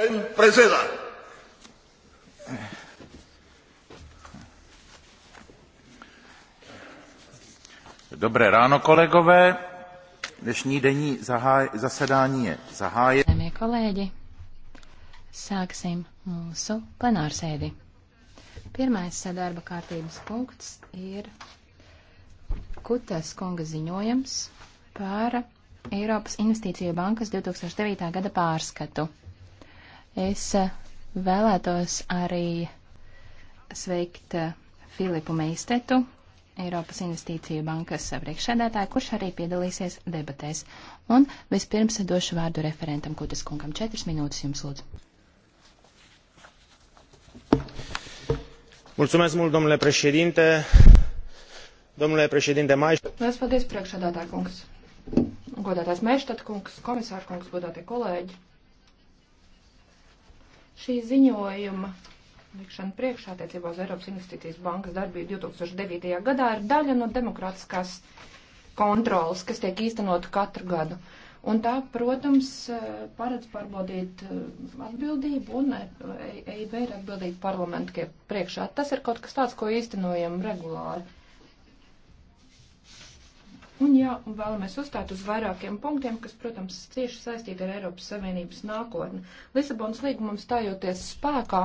Empresa. Dobré ráno, kolegové. Dnešní denní zahāj, zasedání je zahájeno. Zemie kolēģi, sāksim mūsu plenārsēdi. Pirmais sadarba kārtības punkts ir Kutas kunga ziņojums par Eiropas Investīciju bankas 2009. gada pārskatu. Es eh, vēlētos arī sveikt eh, Filipu Meistetu, Eiropas Investīciju bankas priekšsēdētāju, kurš arī piedalīsies debatēs. Un vispirms došu vārdu referentam Kutas kungam. Četras minūtes jums lūdzu. Mulțumesc mult, domnule președinte. Domnule președinte Maiș. Lielas paldies, priekšsēdētāj kungs. Godātais Meištat kungs, komisār kungs, godātie kolēģi. Šī ziņojuma likšana priekšā attiecībā uz Eiropas Investīcijas bankas darbību 2009. gadā ir daļa no demokrātiskās kontrolas, kas tiek īstenota katru gadu. Un tā, protams, eh, paredz pārbaudīt eh, atbildību un EIB eh, e ir atbildīga parlamentu priekšā. Tas ir kaut kas tāds, ko īstenojam regulāri. Un jā, un vēlamies uzstāt uz vairākiem punktiem, kas, protams, cieši saistīti ar Eiropas Savienības nākotni. Lisabonas līgumam stājoties spēkā,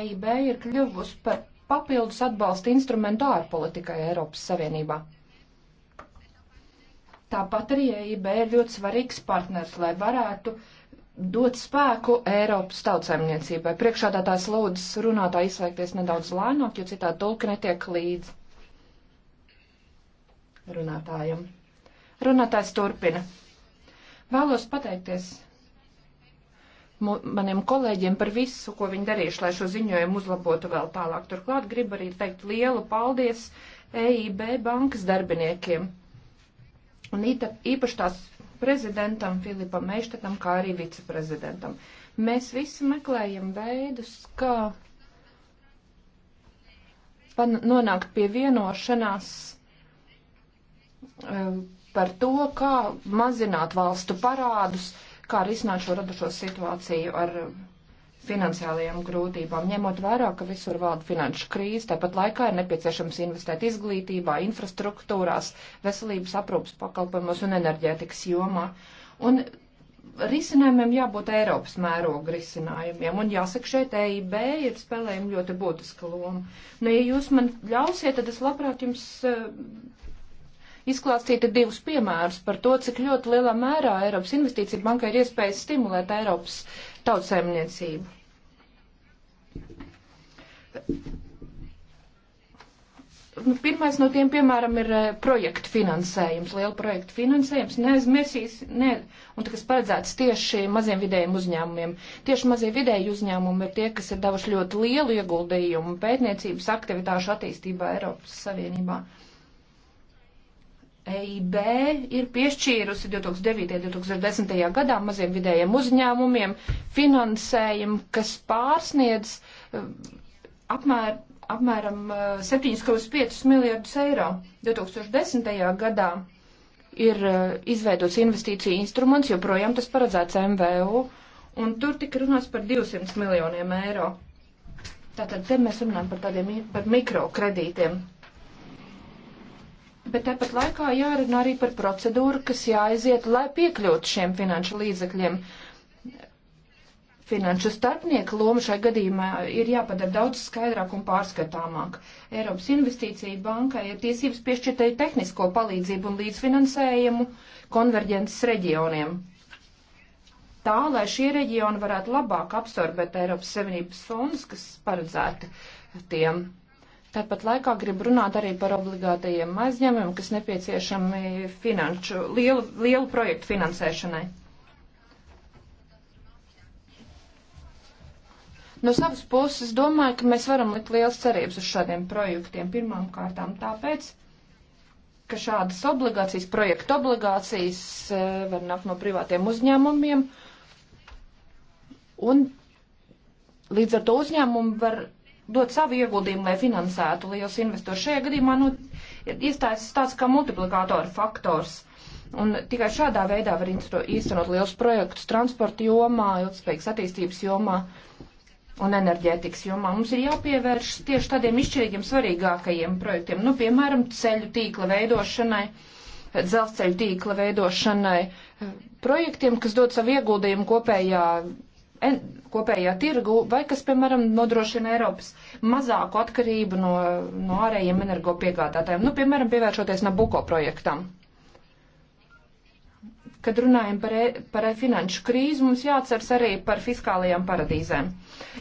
EIB ir kļuvusi par papildus atbalsta instrumentu ārpolitikai Eiropas Savienībā. Tāpat arī EIB ir ļoti svarīgs partners, lai varētu dot spēku Eiropas tautsēmniecībai. Priekšādātājs lūdzas runātā izslēgties nedaudz lēnāk, jo citādi tulki netiek līdzi runātājam. Runātājs turpina. Vēlos pateikties maniem kolēģiem par visu, ko viņi darījuši, lai šo ziņojumu uzlabotu vēl tālāk. Turklāt gribu arī teikt lielu paldies EIB bankas darbiniekiem un īpaši tās prezidentam Filipam Meištetam, kā arī viceprezidentam. Mēs visi meklējam veidus, kā nonākt pie vienošanās Um, par to, kā mazināt valstu parādus, kā risināt šo radušo situāciju ar um, finansiālajām grūtībām, ņemot vērā, ka visur valda finanšu krīze, tāpat laikā ir nepieciešams investēt izglītībā, infrastruktūrās, veselības aprūpas pakalpojumos un enerģētikas jomā. Un risinājumiem jābūt Eiropas mēroga risinājumiem, un jāsaka, šeit EIB ir spēlējumi ļoti būtiska loma. Nu, ja jūs man ļausiet, tad es labprāt jums uh, izklāstīti divus piemērus par to, cik ļoti lielā mērā Eiropas investīcija banka ir iespējas stimulēt Eiropas tautsēmniecību. Nu, pirmais no tiem, piemēram, ir eh, projektu finansējums, liela projektu finansējums, neaizmirsīs, ne, un tas paredzēts tieši maziem vidējiem uzņēmumiem. Tieši mazie vidēji uzņēmumi ir tie, kas ir devuši ļoti lielu ieguldījumu pētniecības aktivitāšu attīstībā Eiropas Savienībā. Uh, EIB ir piešķīrusi 2009. un 2010. gadā maziem vidējiem uzņēmumiem finansējumu, kas pārsniedz uh, apmēr, apmēram 7,5 uh, miljardus eiro. 2010. gadā ir uh, izveidots investīcija instruments, joprojām tas paredzēts MVU, un tur tika runāts par 200 miljoniem eiro. Tātad te mēs runājam par tādiem par mikrokredītiem. Bet tāpat laikā jārunā arī par procedūru, kas jāaiziet, lai piekļūtu šiem finanšu līdzekļiem. Finanšu starpnieku loma šai gadījumā ir jāpadara daudz skaidrāk un pārskatāmāk. Eiropas Investīcija bankai ir tiesības piešķirt arī tehnisko palīdzību un līdzfinansējumu konverģences reģioniem. Tā, lai šie reģioni varētu labāk absorbēt Eiropas Savienības fondus, kas paredzēti tiem. Tāpat laikā grib runāt arī par obligātajiem aizņēmumiem, kas nepieciešami finanšu, lielu, lielu projektu finansēšanai. No savas puses domāju, ka mēs varam likt liels cerības uz šādiem projektiem. Pirmām kārtām tāpēc, ka šādas obligācijas, projektu obligācijas eh, var nākt no privātiem uzņēmumiem. Un līdz ar to uzņēmumu var dot savu ieguldījumu, lai finansētu liels investors. Šajā gadījumā nu, iestājas tāds kā multiplikātora faktors. Un tikai šādā veidā var īstenot liels projektus transporta jomā, ilgspējīgas attīstības jomā un enerģētikas jomā. Mums ir jāpievēršas tieši tādiem izšķirīgiem svarīgākajiem projektiem, nu, piemēram, ceļu tīkla veidošanai dzelzceļa tīkla veidošanai, projektiem, kas dod savu ieguldījumu kopējā kopējā tirgu vai kas, piemēram, nodrošina Eiropas mazāku atkarību no, no ārējiem energopiegādātājiem. Nu, piemēram, pievēršoties Nabuko projektam. Kad runājam par, e, par e finanšu krīzi, mums jāatceras arī par fiskālajām paradīzēm.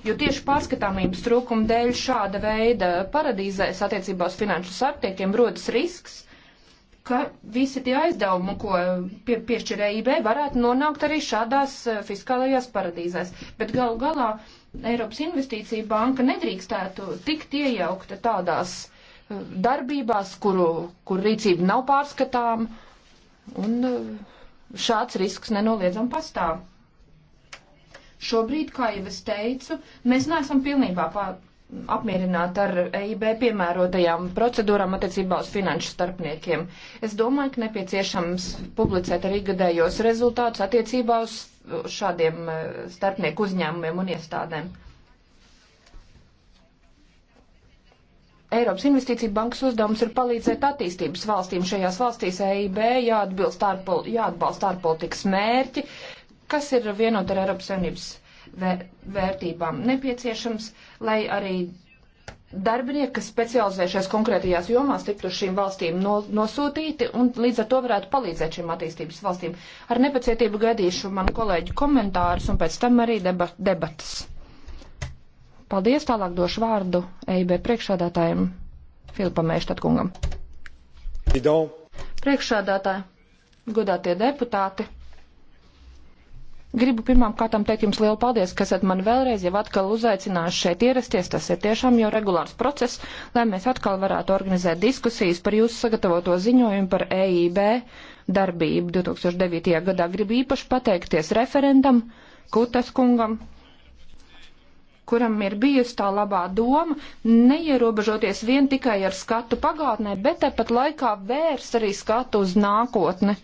Jo tieši pārskatāmības trūkuma dēļ šāda veida paradīzēs attiecībā uz finanšu sartiekiem rodas risks, ka visi tie aizdevumi, ko pie, piešķir EIB, varētu nonākt arī šādās e, fiskālajās paradīzēs. Bet galu galā Eiropas investīcija banka nedrīkstētu tikt iejaukta tādās e, darbībās, kuru, kur rīcība nav pārskatām, un e, šāds risks nenoliedzam pastāv. Šobrīd, kā jau es teicu, mēs neesam pilnībā apmierināt ar EIB piemērotajām procedūrām attiecībā uz finanšu starpniekiem. Es domāju, ka nepieciešams publicēt arī gadējos rezultātus attiecībā uz šādiem e, starpnieku uzņēmumiem un iestādēm. Eiropas Investīcija bankas uzdevums ir palīdzēt attīstības valstīm. Šajās valstīs EIB jāatbalsta ārpolitikas mērķi, kas ir vienot ar Eiropas Savienības vērtībām nepieciešams, lai arī darbinieki, kas specializējušies konkrētajās jomās, tiktu uz šīm valstīm no, nosūtīti un līdz ar to varētu palīdzēt šīm attīstības valstīm. Ar nepacietību gaidīšu man kolēģu komentārus un pēc tam arī deba, debatas. Paldies, tālāk došu vārdu EIB priekšādātājiem Filipam Eštatkungam. Priekšādātāji, godātie deputāti. Gribu pirmām kārtām teikt jums lielu paldies, ka esat mani vēlreiz jau atkal uzaicinājuši šeit ierasties. Tas ir tiešām jau regulārs process, lai mēs atkal varētu organizēt diskusijas par jūsu sagatavoto ziņojumu par EIB darbību 2009. gadā. Gribu īpaši pateikties referentam Kutas kungam, kuram ir bijusi tā labā doma neierobežoties vien tikai ar skatu pagātnē, bet tepat laikā vērs arī skatu uz nākotni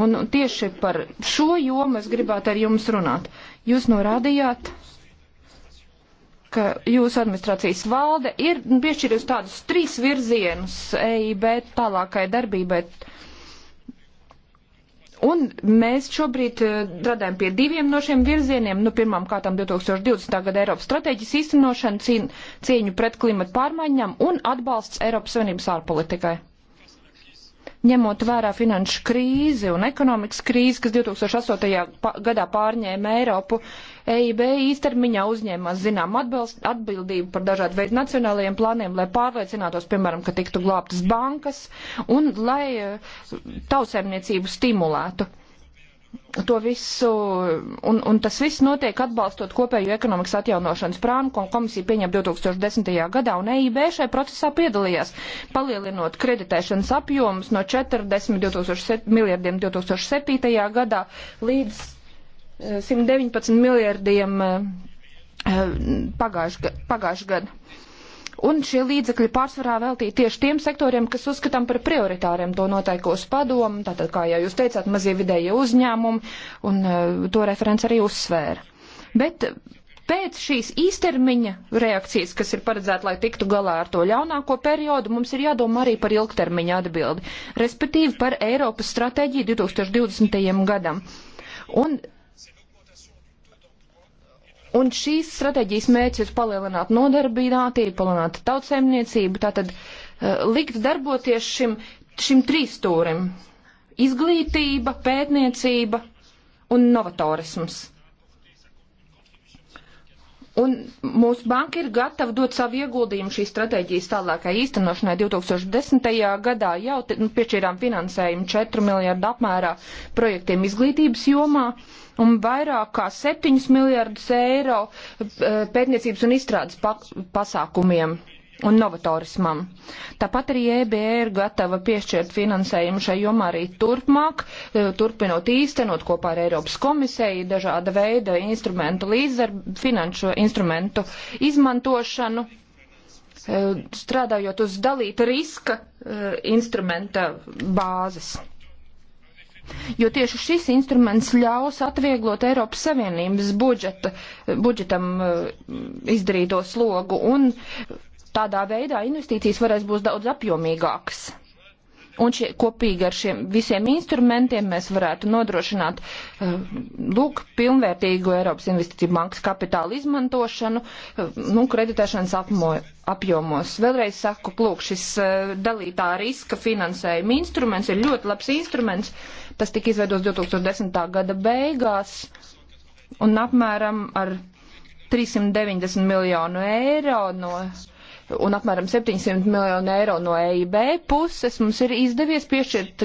Un tieši par šo jomu es gribētu ar jums runāt. Jūs norādījāt, ka jūsu administrācijas valde ir piešķīrusi tādus trīs virzienus EIB tālākai darbībai. Un mēs šobrīd eh, strādājam pie diviem no šiem virzieniem. Nu, pirmām kārtām 2020. gada Eiropas stratēģijas īstenošana, cīņu pret klimatu pārmaiņām un atbalsts Eiropas Savienības ārpolitikai ņemot vērā finanšu krīzi un ekonomikas krīzi, kas 2008. gadā pārņēma Eiropu, EIB īstermiņā uzņēmās zinām atbilst, atbildību par dažādu veidu nacionālajiem plāniem, lai pārliecinātos, piemēram, ka tiktu glābtas bankas un lai eh, tautsēmniecību stimulētu to visu, un, un tas viss notiek atbalstot kopēju ekonomikas atjaunošanas plānu, ko komisija pieņem 2010. gadā, un EIB šai procesā piedalījās, palielinot kreditēšanas apjomus no 40 2007, miljardiem 2007. gadā līdz 119 eh, miljardiem eh, eh, pagājušajā gadā un šie līdzekļi pārsvarā veltīti tieši tiem sektoriem, kas uzskatām par prioritāriem to noteikos padomu, tātad, kā jau jūs teicāt, mazie vidējie uzņēmumi, un e, to referents arī uzsvēra. Bet pēc šīs īstermiņa reakcijas, kas ir paredzēta, lai tiktu galā ar to ļaunāko periodu, mums ir jādomā arī par ilgtermiņa atbildi, respektīvi par Eiropas stratēģiju 2020. gadam. Un Un šīs stratēģijas mērķis ir palielināt nodarbinātību, palielināt tautsēmniecību, tātad uh, likt darboties šim, šim trīstūrim - izglītība, pētniecība un novatorisms. Un mūsu banka ir gatava dot savu ieguldījumu šīs stratēģijas tālākai īstenošanai. 2010. gadā jau nu, piešķīrām finansējumu 4 miljardu apmērā projektiem izglītības jomā un vairāk kā 7 miljardus eiro eh, pētniecības un izstrādes pasākumiem un novatorismam. Tāpat arī EBE e ir gatava piešķirt finansējumu šai jomā arī turpmāk, e, turpinot īstenot kopā ar Eiropas komisiju dažāda veida instrumentu līdzdarbu, finanšu instrumentu izmantošanu, e, strādājot uz dalīta riska instrumenta bāzes. Jo tieši šis instruments ļaus atvieglot Eiropas Savienības budžeta, budžetam izdarīto slogu un Tādā veidā investīcijas varēs būs daudz apjomīgākas. Un šie, kopīgi ar šiem visiem instrumentiem mēs varētu nodrošināt eh, lūk, pilnvērtīgu Eiropas investīciju bankas kapitāla izmantošanu, eh, nu, kreditēšanas apmo, apjomos. Vēlreiz saku, lūk, šis eh, dalītā riska finansējuma instruments ir ļoti labs instruments. Tas tika izveidots 2010. gada beigās un apmēram ar 390 miljonu eiro no un apmēram 700 miljonu eiro no EIB puses mums ir izdevies piešķirt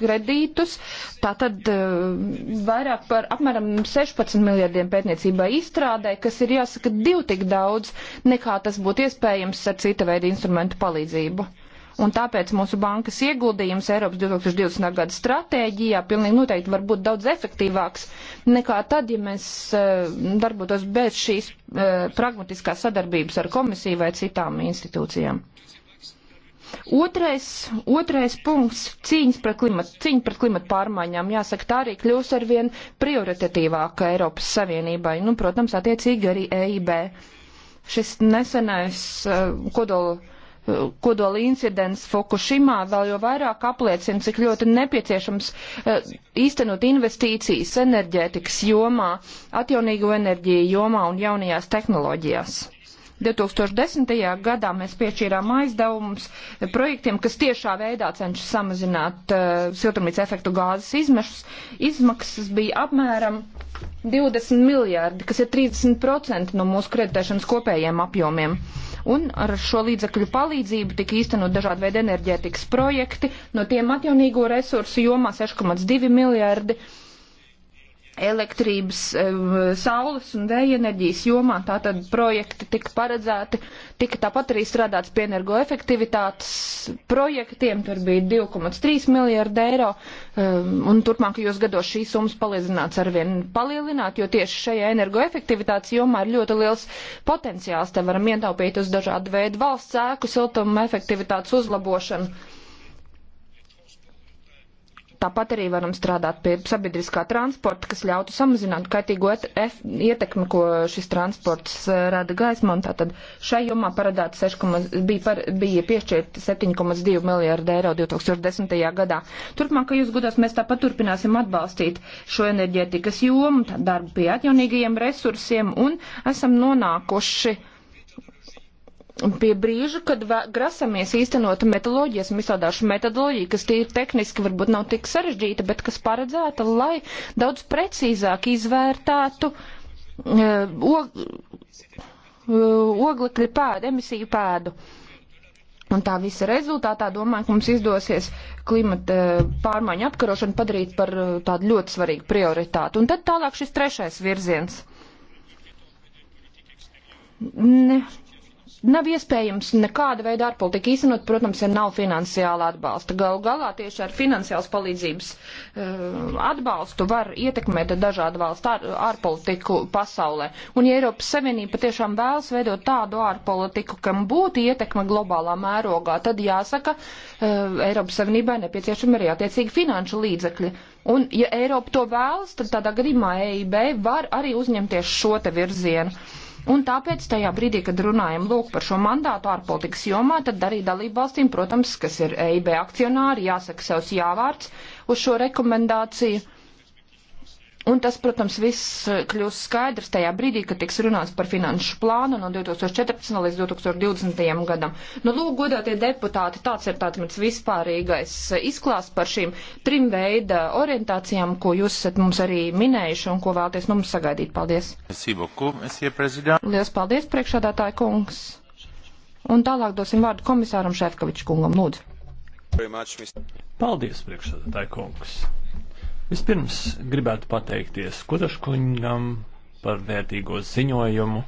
kredītus, tātad eh, vairāk par apmēram 16 miljardiem pētniecībai izstrādē, kas ir jāsaka divi tik daudz, nekā tas būtu iespējams ar cita veida instrumentu palīdzību un tāpēc mūsu bankas ieguldījums Eiropas 2020. gada stratēģijā pilnīgi noteikti var būt daudz efektīvāks nekā tad, ja mēs eh, darbotos bez šīs eh, pragmatiskās sadarbības ar komisiju vai citām institūcijām. Otrais, otrais punkts - cīņas pret klimatu, cīņa pret klimatu pārmaiņām. Jāsaka, tā arī kļūs arvien prioritatīvāka Eiropas Savienībai, nu, protams, attiecīgi arī EIB. Šis nesenais uh, kodola kodola incidents Fukushimā vēl jau vairāk apliecina, cik ļoti nepieciešams eh, īstenot investīcijas enerģētikas jomā, atjaunīgo enerģiju jomā un jaunajās tehnoloģijās. 2010. gadā mēs piešķīrām aizdevumus projektiem, kas tiešā veidā cenšas samazināt uh, siltumnīca efektu gāzes izmešus. Izmaksas bija apmēram 20 miljārdi, kas ir 30% no mūsu kreditēšanas kopējiem apjomiem. Uh, un ar šo līdzakļu palīdzību tika īstenot dažādi veidi enerģētikas projekti, no tiem atjaunīgo resursu jomā 6,2 miljārdi. Uh, elektrības, eh, saules un vēja enerģijas jomā. Tātad projekti tika paredzēti, tika tāpat arī strādāts pie energoefektivitātes projektiem, tur bija 2,3 miljārdi eiro, eh, un turpmākajos gados šīs summas palielināts arvien palielināt, jo tieši šajā energoefektivitātes jomā ir ļoti liels potenciāls, te varam ietaupīt uz dažādu veidu valsts ēku, siltuma efektivitātes uzlabošanu Tāpat arī varam strādāt pie sabiedriskā transporta, kas ļautu samazināt kaitīgo ietekmi, ko šis transports eh, rada gaismam. Tātad šai jomā paredzēta 6, bija, par, bija piešķirt 7,2 miljārdu eiro 2010. gadā. Turpmākajos gados mēs tāpat turpināsim atbalstīt šo enerģētikas jomu, darbu pie atjaunīgajiem resursiem un esam nonākuši pie brīža, kad grasamies īstenot metoloģijas un izstrādāšu metodoloģiju, kas tīri tehniski varbūt nav tik sarežģīta, bet kas paredzēta, lai daudz precīzāk izvērtētu uh, og, uh, oglekļa pēdu, emisiju pēdu. Un tā visa rezultātā domāju, ka mums izdosies klimata e, pārmaiņu apkarošanu padarīt par tādu ļoti svarīgu prioritātu. Un tad tālāk šis trešais virziens. Ne, nav iespējams nekāda veida ārpolitika īstenot, protams, ja nav finansiāla atbalsta. Galu galā tieši ar finansiāls palīdzības uh, atbalstu var ietekmēt dažādu valstu ār, ārpolitiku pasaulē. Un ja Eiropas Savienība patiešām vēlas veidot tādu ārpolitiku, kam būtu ietekme globālā mērogā, tad jāsaka, uh, Eiropas Savienībai nepieciešami arī attiecīgi finanšu līdzekļi. Un ja Eiropa to vēlas, tad tādā gadījumā EIB var arī uzņemties šo te virzienu. Un tāpēc tajā brīdī, kad runājam lūk par šo mandātu ārpolitikas jomā, tad arī dalību valstīm, protams, kas ir EIB akcionāri, jāsaka savs jāvārds uz šo rekomendāciju Un tas, protams, viss eh, kļūs skaidrs tajā brīdī, kad tiks runāts par finanšu plānu no 2014. līdz 2020. gadam. Nu, lūk, godātie deputāti, tāds ir tāds vispārīgais eh, izklāsts par šīm trim veida orientācijām, ko jūs esat mums arī minējuši un ko vēlties mums sagaidīt. Paldies! Lielas paldies, priekšādātāja kungs! Un tālāk dosim vārdu komisāram Šefkoviču kungam. Lūdzu! Paldies, priekšādātāja kungs! Vispirms gribētu pateikties Kudaškungam par vērtīgo ziņojumu.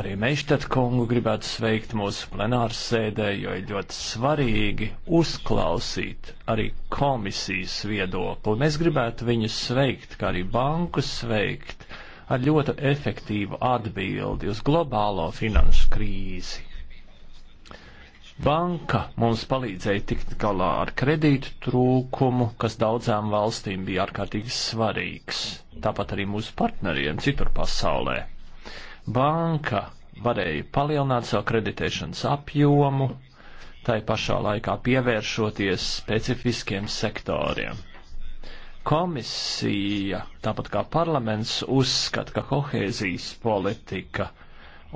Arī Meištet kungu gribētu sveikt mūsu plenāras sēdē, jo ir ļoti svarīgi uzklausīt arī komisijas viedokli. Mēs gribētu viņus sveikt, kā arī banku sveikt, ar ļoti efektīvu atbildi uz globālo finanšu krīzi. Banka mums palīdzēja tikt galā ar kredītu trūkumu, kas daudzām valstīm bija ārkārtīgi svarīgs, tāpat arī mūsu partneriem citur pasaulē. Banka varēja palielināt savu kreditēšanas apjomu, tai pašā laikā pievēršoties specifiskiem sektoriem komisija, tāpat kā parlaments, uzskata, ka kohēzijas politika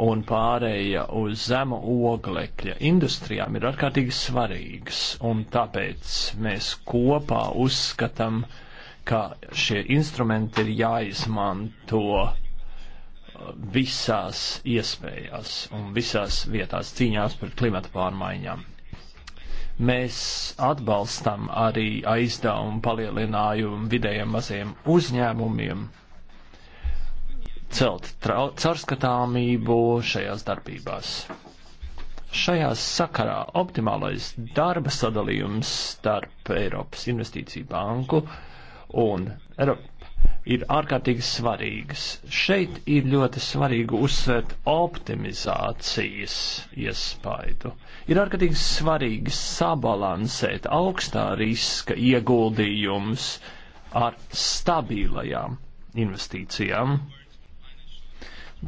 un pārēja uz zemu oglekļa industrijām ir ārkārtīgi svarīgas, un tāpēc mēs kopā uzskatām, ka šie instrumenti ir jāizmanto uh, visās iespējās un visās vietās cīņās par klimata pārmaiņām. Mēs atbalstam arī aizdevumu palielinājumu vidējiem maziem uzņēmumiem, celt caurskatāmību šajās darbībās. Šajā sakarā optimālais darba sadalījums starp Eiropas Investīciju banku un Eiropu ir ārkārtīgi svarīgs. Šeit ir ļoti svarīgi uzsvērt optimizācijas iespaidu. Ir ārkārtīgi svarīgi sabalansēt augstā riska ieguldījums ar stabilajām investīcijām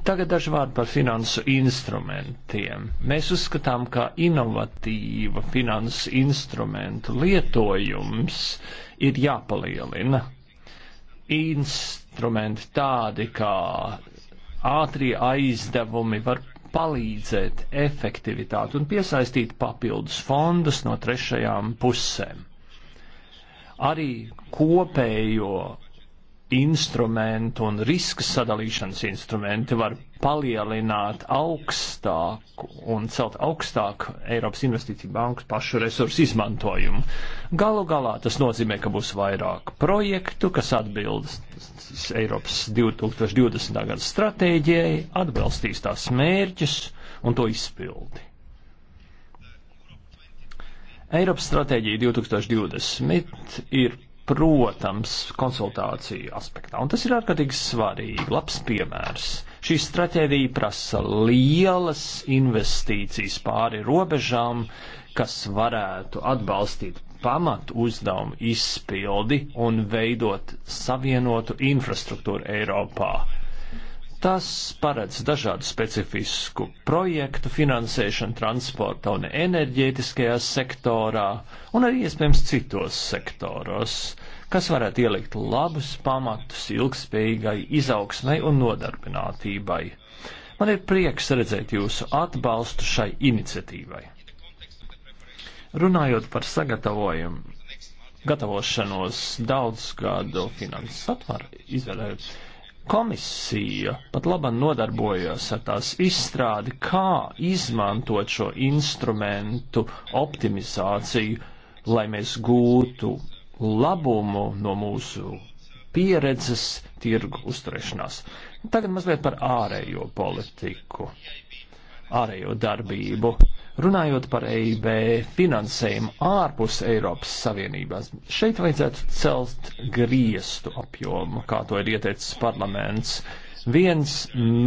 Tagad daži vārdi par finansu instrumentiem. Mēs uzskatām, ka inovatīva finansu instrumentu lietojums ir jāpalielina. Instrumenti tādi kā ātrie aizdevumi var palīdzēt efektivitāti un piesaistīt papildus fondus no trešajām pusēm. Arī kopējo instrumenti un riska sadalīšanas instrumenti var palielināt augstāku un celt augstāku Eiropas investīciju bankas pašu resursu izmantojumu. Galu galā tas nozīmē, ka būs vairāk projektu, kas atbildas Eiropas 2020. gada stratēģijai, atbalstīs tās mērķus un to izpildi. Eiropas stratēģija 2020 ir protams, konsultāciju aspektā. Un tas ir ārkārtīgi svarīgi. Labs piemērs. Šī stratēģija prasa lielas investīcijas pāri robežām, kas varētu atbalstīt pamatu uzdevumu izpildi un veidot savienotu infrastruktūru Eiropā. Tas paredz dažādu specifisku projektu finansēšanu transporta un enerģētiskajā sektorā un arī iespējams citos sektoros, kas varētu ielikt labus pamatus ilgspējīgai izaugsmai un nodarbinātībai. Man ir prieks redzēt jūsu atbalstu šai iniciatīvai. Runājot par sagatavojumu, gatavošanos daudz gadu finanses atvaru izvēlēt Komisija pat labam nodarbojas ar tās izstrādi, kā izmantot šo instrumentu optimizāciju, lai mēs gūtu labumu no mūsu pieredzes tirgu uzturēšanās. Tagad mazliet par ārējo politiku, ārējo darbību. Runājot par EIB finansējumu ārpus Eiropas Savienības, šeit vajadzētu celt griestu apjomu, kā to ir ieteicis parlaments. Viens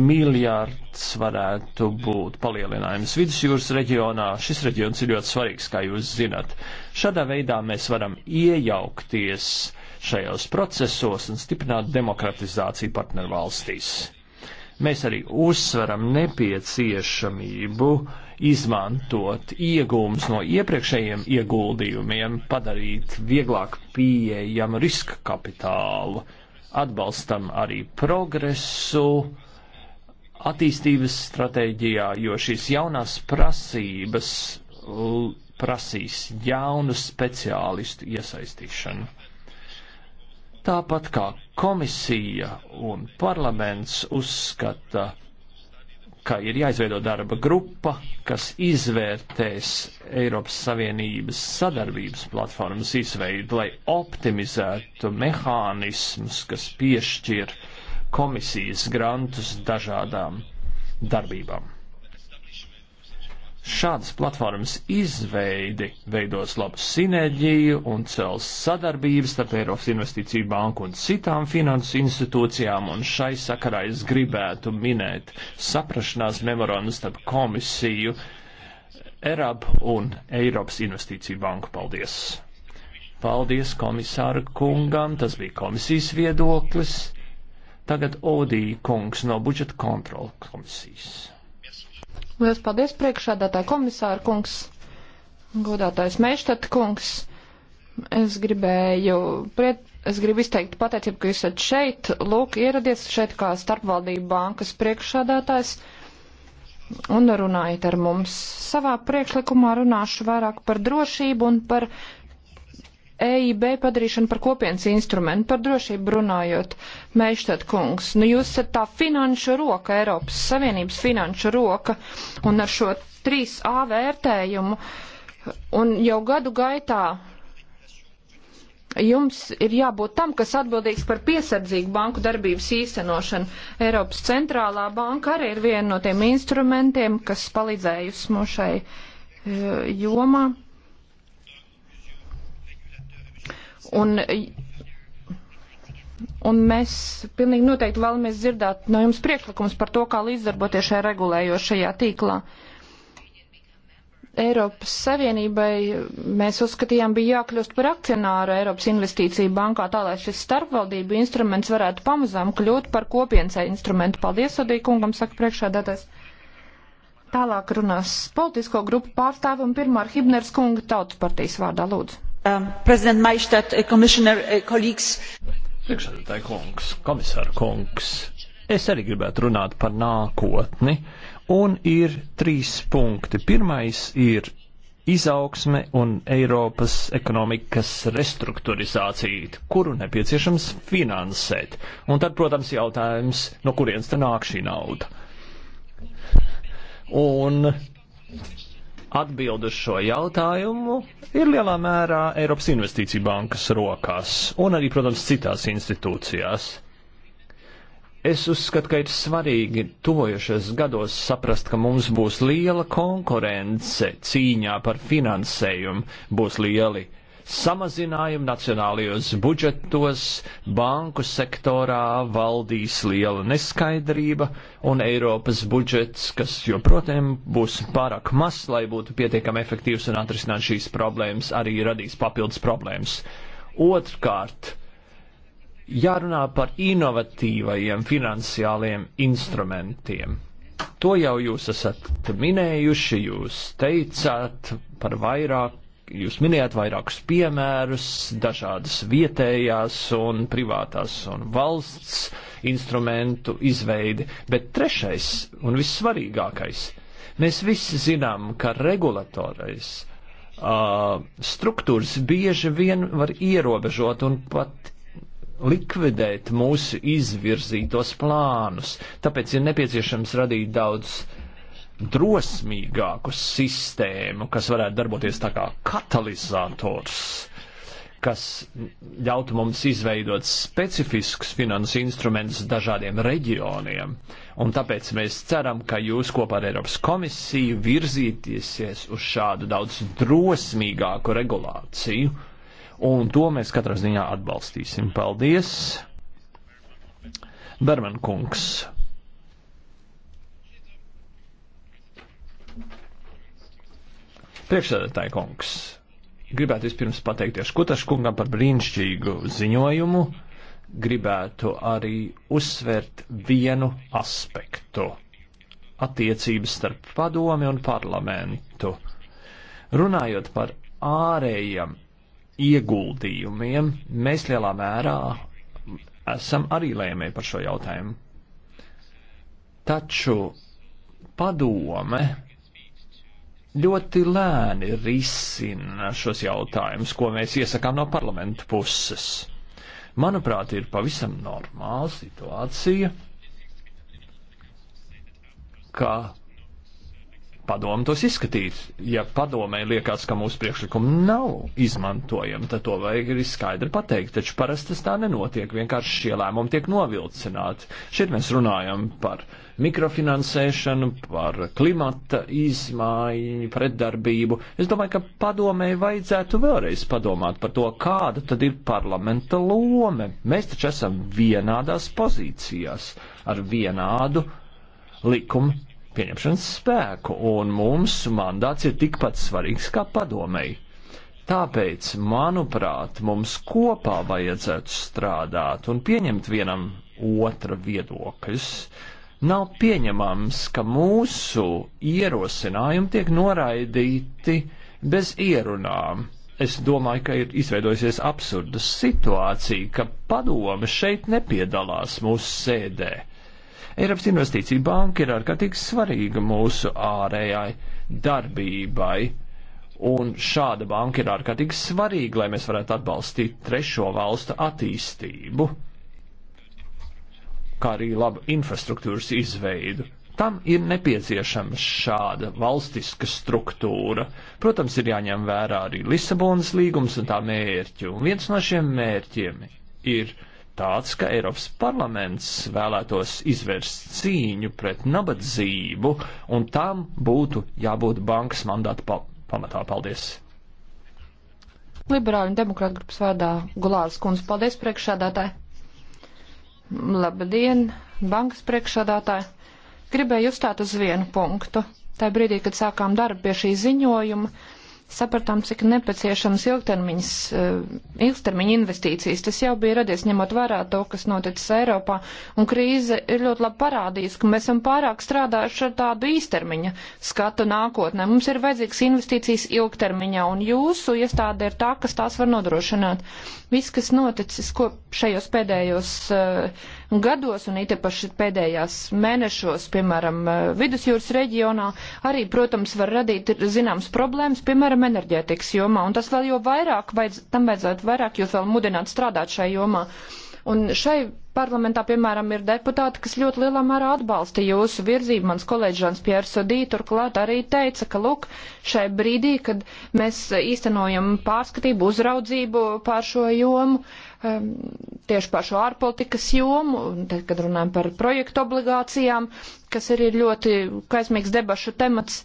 miljārds varētu būt palielinājums vidusjūras reģionā. Šis reģions ir ļoti svarīgs, kā jūs zinat. Šādā veidā mēs varam iejaukties šajos procesos un stiprināt demokratizāciju partnervalstīs. Mēs arī uzsveram nepieciešamību uh, izmantot iegūmus no iepriekšējiem ieguldījumiem, padarīt vieglāk pieejamu riska kapitālu, atbalstam arī progresu attīstības stratēģijā, jo šīs jaunās prasības prasīs jaunu speciālistu iesaistīšanu. Tāpat kā komisija un parlaments uzskata, ka ka ir jāizveido darba grupa, kas izvērtēs Eiropas Savienības sadarbības platformas izveidu, lai optimizētu mehānismus, kas piešķir komisijas grantus dažādām darbībām. Šādas platformas izveidi veidos labu sinerģiju un cels sadarbības starp Eiropas Investīciju banku un citām finansu institūcijām, un šai sakarā es gribētu minēt saprašanās memorandu starp komisiju, ERAB un Eiropas Investīciju banku. Paldies! Paldies komisāra kungam, tas bija komisijas viedoklis. Tagad Odī kungs no budžeta kontrola komisijas. Lielas paldies priekšādātāja komisāra kungs, godātājs Meištata kungs. Es gribēju, priet, es gribu izteikt pateicību, ka jūs esat šeit, lūk, ieradies šeit kā starpvaldību bankas priekšādātājs un runājat ar mums. Savā priekšlikumā runāšu vairāk par drošību un par EIB padarīšanu par kopienas instrumentu, par drošību runājot, Meištad kungs. Nu, jūs esat tā finanšu roka, Eiropas Savienības finanšu roka, un ar šo 3A vērtējumu, un jau gadu gaitā jums ir jābūt tam, kas atbildīgs par piesardzīgu banku darbības īstenošanu. Eiropas centrālā banka arī ir viena no tiem instrumentiem, kas palīdzējusi mūšai e, jomā. Un, un mēs pilnīgi noteikti vēlamies dzirdēt no jums priekšlikums par to, kā līdzdarboties šajā regulējošajā tīklā. Eiropas Savienībai mēs uzskatījām bija jākļūst par akcionāru Eiropas investīciju bankā, tā lai šis starpvaldību instruments varētu pamazām kļūt par kopiensai instrumentu. Paldies, Sodī kungam, saka priekšādātais. Tālāk runās politisko grupu pārstāvam pirmā Hibners kunga tautas partijas vārdā lūdzu. Um, President Maistat, uh, Commissioner, uh, colleagues. Priekšsēdētāji kungs, komisāra kungs, es arī gribētu runāt par nākotni, un ir trīs punkti. Pirmais ir izaugsme un Eiropas ekonomikas restruktūrizācija, kuru nepieciešams finansēt. Un tad, protams, jautājums, no kurienes te nāk šī nauda. Un Atbild uz šo jautājumu ir lielā mērā Eiropas Investīcija bankas rokās un arī, protams, citās institūcijās. Es uzskatu, ka ir svarīgi tuvojušos gados saprast, ka mums būs liela konkurence cīņā par finansējumu, būs lieli samazinājumu nacionālajos budžetos, banku sektorā valdīs liela neskaidrība un Eiropas budžets, kas joprojām būs pārāk mazs, lai būtu pietiekami efektīvs un atrisināt šīs problēmas, arī radīs papildus problēmas. Otrkārt, jārunā par inovatīvajiem finansiāliem instrumentiem. To jau jūs esat minējuši, jūs teicāt par vairāk Jūs minējāt vairākus piemērus, dažādas vietējās un privātās un valsts instrumentu izveidi, bet trešais un vissvarīgākais. Mēs visi zinām, ka regulatorais uh, struktūras bieži vien var ierobežot un pat likvidēt mūsu izvirzītos plānus. Tāpēc ir nepieciešams radīt daudz drosmīgāku sistēmu, kas varētu darboties tā kā katalizators, kas ļautu mums izveidot specifiskus finansu instrumentus dažādiem reģioniem. Un tāpēc mēs ceram, ka jūs kopā ar Eiropas komisiju virzīties uz šādu daudz drosmīgāku regulāciju. Un to mēs katrā ziņā atbalstīsim. Paldies! Berman kungs. Priekšsēdētāji kungs, gribētu vispirms pateikties Kutašu kungam par brīnišķīgu ziņojumu. Gribētu arī uzsvērt vienu aspektu - attiecības starp padomi un parlamentu. Runājot par ārējiem ieguldījumiem, mēs lielā mērā esam arī lēmēji par šo jautājumu. Taču padome ļoti lēni risina šos jautājumus, ko mēs iesakām no parlamentu puses. Manuprāt, ir pavisam normāla situācija, ka padomu tos izskatīt. Ja padomē liekas, ka mūsu priekšlikumi nav izmantojami, tad to vajag arī skaidri pateikt, taču parasti tas tā nenotiek, vienkārši šie lēmumi tiek novilcināti. Šeit mēs runājam par mikrofinansēšanu, par klimata izmaiņu, pretdarbību. Es domāju, ka padomē vajadzētu vēlreiz padomāt par to, kāda tad ir parlamenta lome. Mēs taču esam vienādās pozīcijās ar vienādu likumu pieņemšanas spēku, un mums mandāts ir tikpat svarīgs kā padomēji. Tāpēc, manuprāt, mums kopā vajadzētu strādāt un pieņemt vienam otra viedokļus. Nav pieņemams, ka mūsu ierosinājumi tiek noraidīti bez ierunām. Es domāju, ka ir izveidojusies absurda situācija, ka padome šeit nepiedalās mūsu sēdē. Eiropas Investīcija Banka ir ārkārtīgi svarīga mūsu ārējai darbībai. Un šāda banka ir ārkārtīgi svarīga, lai mēs varētu atbalstīt trešo valstu attīstību, kā arī labu infrastruktūras izveidu. Tam ir nepieciešama šāda valstiska struktūra. Protams, ir jāņem vērā arī Lisabonas līgums un tā mērķi. Un viens no šiem mērķiem ir tāds, ka Eiropas parlaments vēlētos izvērst cīņu pret nabadzību, un tam būtu jābūt bankas mandāta pa pamatā. Paldies! Liberāļu un demokrātu grupas vārdā Gulāras kundze, paldies priekšādātāji! Labdien, bankas priekšādātāji! Gribēju uzstāt uz vienu punktu. Tā brīdī, kad sākām darbu pie šī ziņojuma, sapratām, cik nepieciešams ilgtermiņas, eh, ilgtermiņa investīcijas. Tas jau bija radies ņemot vērā to, kas noticis Eiropā, un krīze ir ļoti labi parādījusi, ka mēs esam pārāk strādājuši ar tādu īstermiņa skatu nākotnē. Mums ir vajadzīgs investīcijas ilgtermiņā, un jūsu iestāde ir tā, kas tās var nodrošināt. Viss, kas noticis, ko šajos pēdējos uh, gados un īpaši pēdējās mēnešos, piemēram, eh, vidusjūras reģionā, arī, protams, var radīt zināmas problēmas, piemēram, enerģētikas jomā. Un tas vēl jau vairāk, vajadz, tam vajadzētu vairāk jūs vēl mudināt strādāt šajā jomā. Un šai parlamentā, piemēram, ir deputāti, kas ļoti lielā mērā atbalsta jūsu virzību. Mans kolēģis Žans Piers Sodī turklāt arī teica, ka, lūk, šai brīdī, kad mēs īstenojam pārskatību, uzraudzību pār šo jomu, uh, um, tieši par šo ārpolitikas jomu, tad, kad runājam par projektu obligācijām, kas arī ir ļoti kaismīgs debašu temats.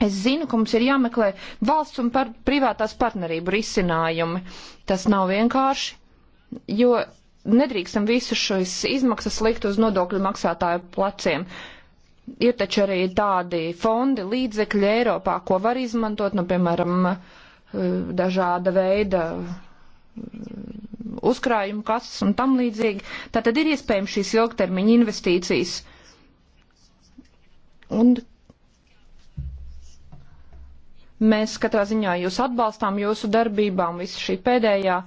Es zinu, ka mums ir jāmeklē valsts un par privātās partnerību risinājumi. Tas nav vienkārši, jo nedrīkstam visu šīs izmaksas likt uz nodokļu maksātāju pleciem. Ir taču arī tādi fondi, līdzekļi Eiropā, ko var izmantot, nu, piemēram, uh, dažāda veida uzkrājumu kases un tam līdzīgi. Tātad ir iespējams šīs ilgtermiņa investīcijas. Un mēs katrā ziņā jūs atbalstām jūsu darbībām. Visu šī pēdējā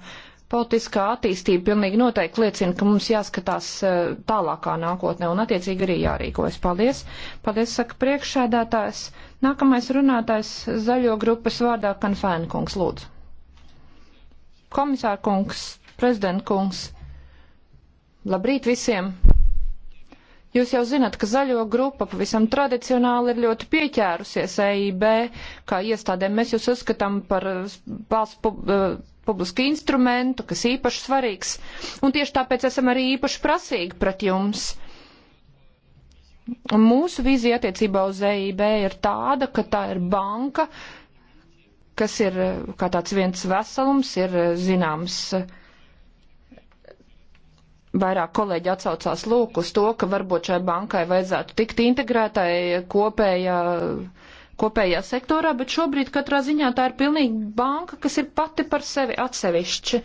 politiskā attīstība pilnīgi noteikti liecina, ka mums jāskatās eh, tālākā nākotnē un attiecīgi arī jārīkojas. Paldies! Paldies, saka priekšsēdētājs. Nākamais runātājs zaļo grupas vārdā Kanfēnkungs, lūdzu komisārkungs, prezident kungs. Labrīt visiem! Jūs jau zinat, ka zaļo grupa pavisam tradicionāli ir ļoti pieķērusies EIB, kā iestādēm mēs jūs uzskatām par uh, valsts pub, uh, publisku instrumentu, kas īpaši svarīgs, un tieši tāpēc esam arī īpaši prasīgi pret jums. Un mūsu vīzija attiecībā uz EIB ir tāda, ka tā ir banka, kas ir uh, kā tāds viens veselums, ir zināms. Uh, Vairāk kolēģi atsaucās lūk uz to, ka varbūt šai bankai vajadzētu tikt integrētai kopējā, kopējā sektorā, bet šobrīd katrā ziņā tā ir pilnīgi banka, kas ir pati par sevi atsevišķi.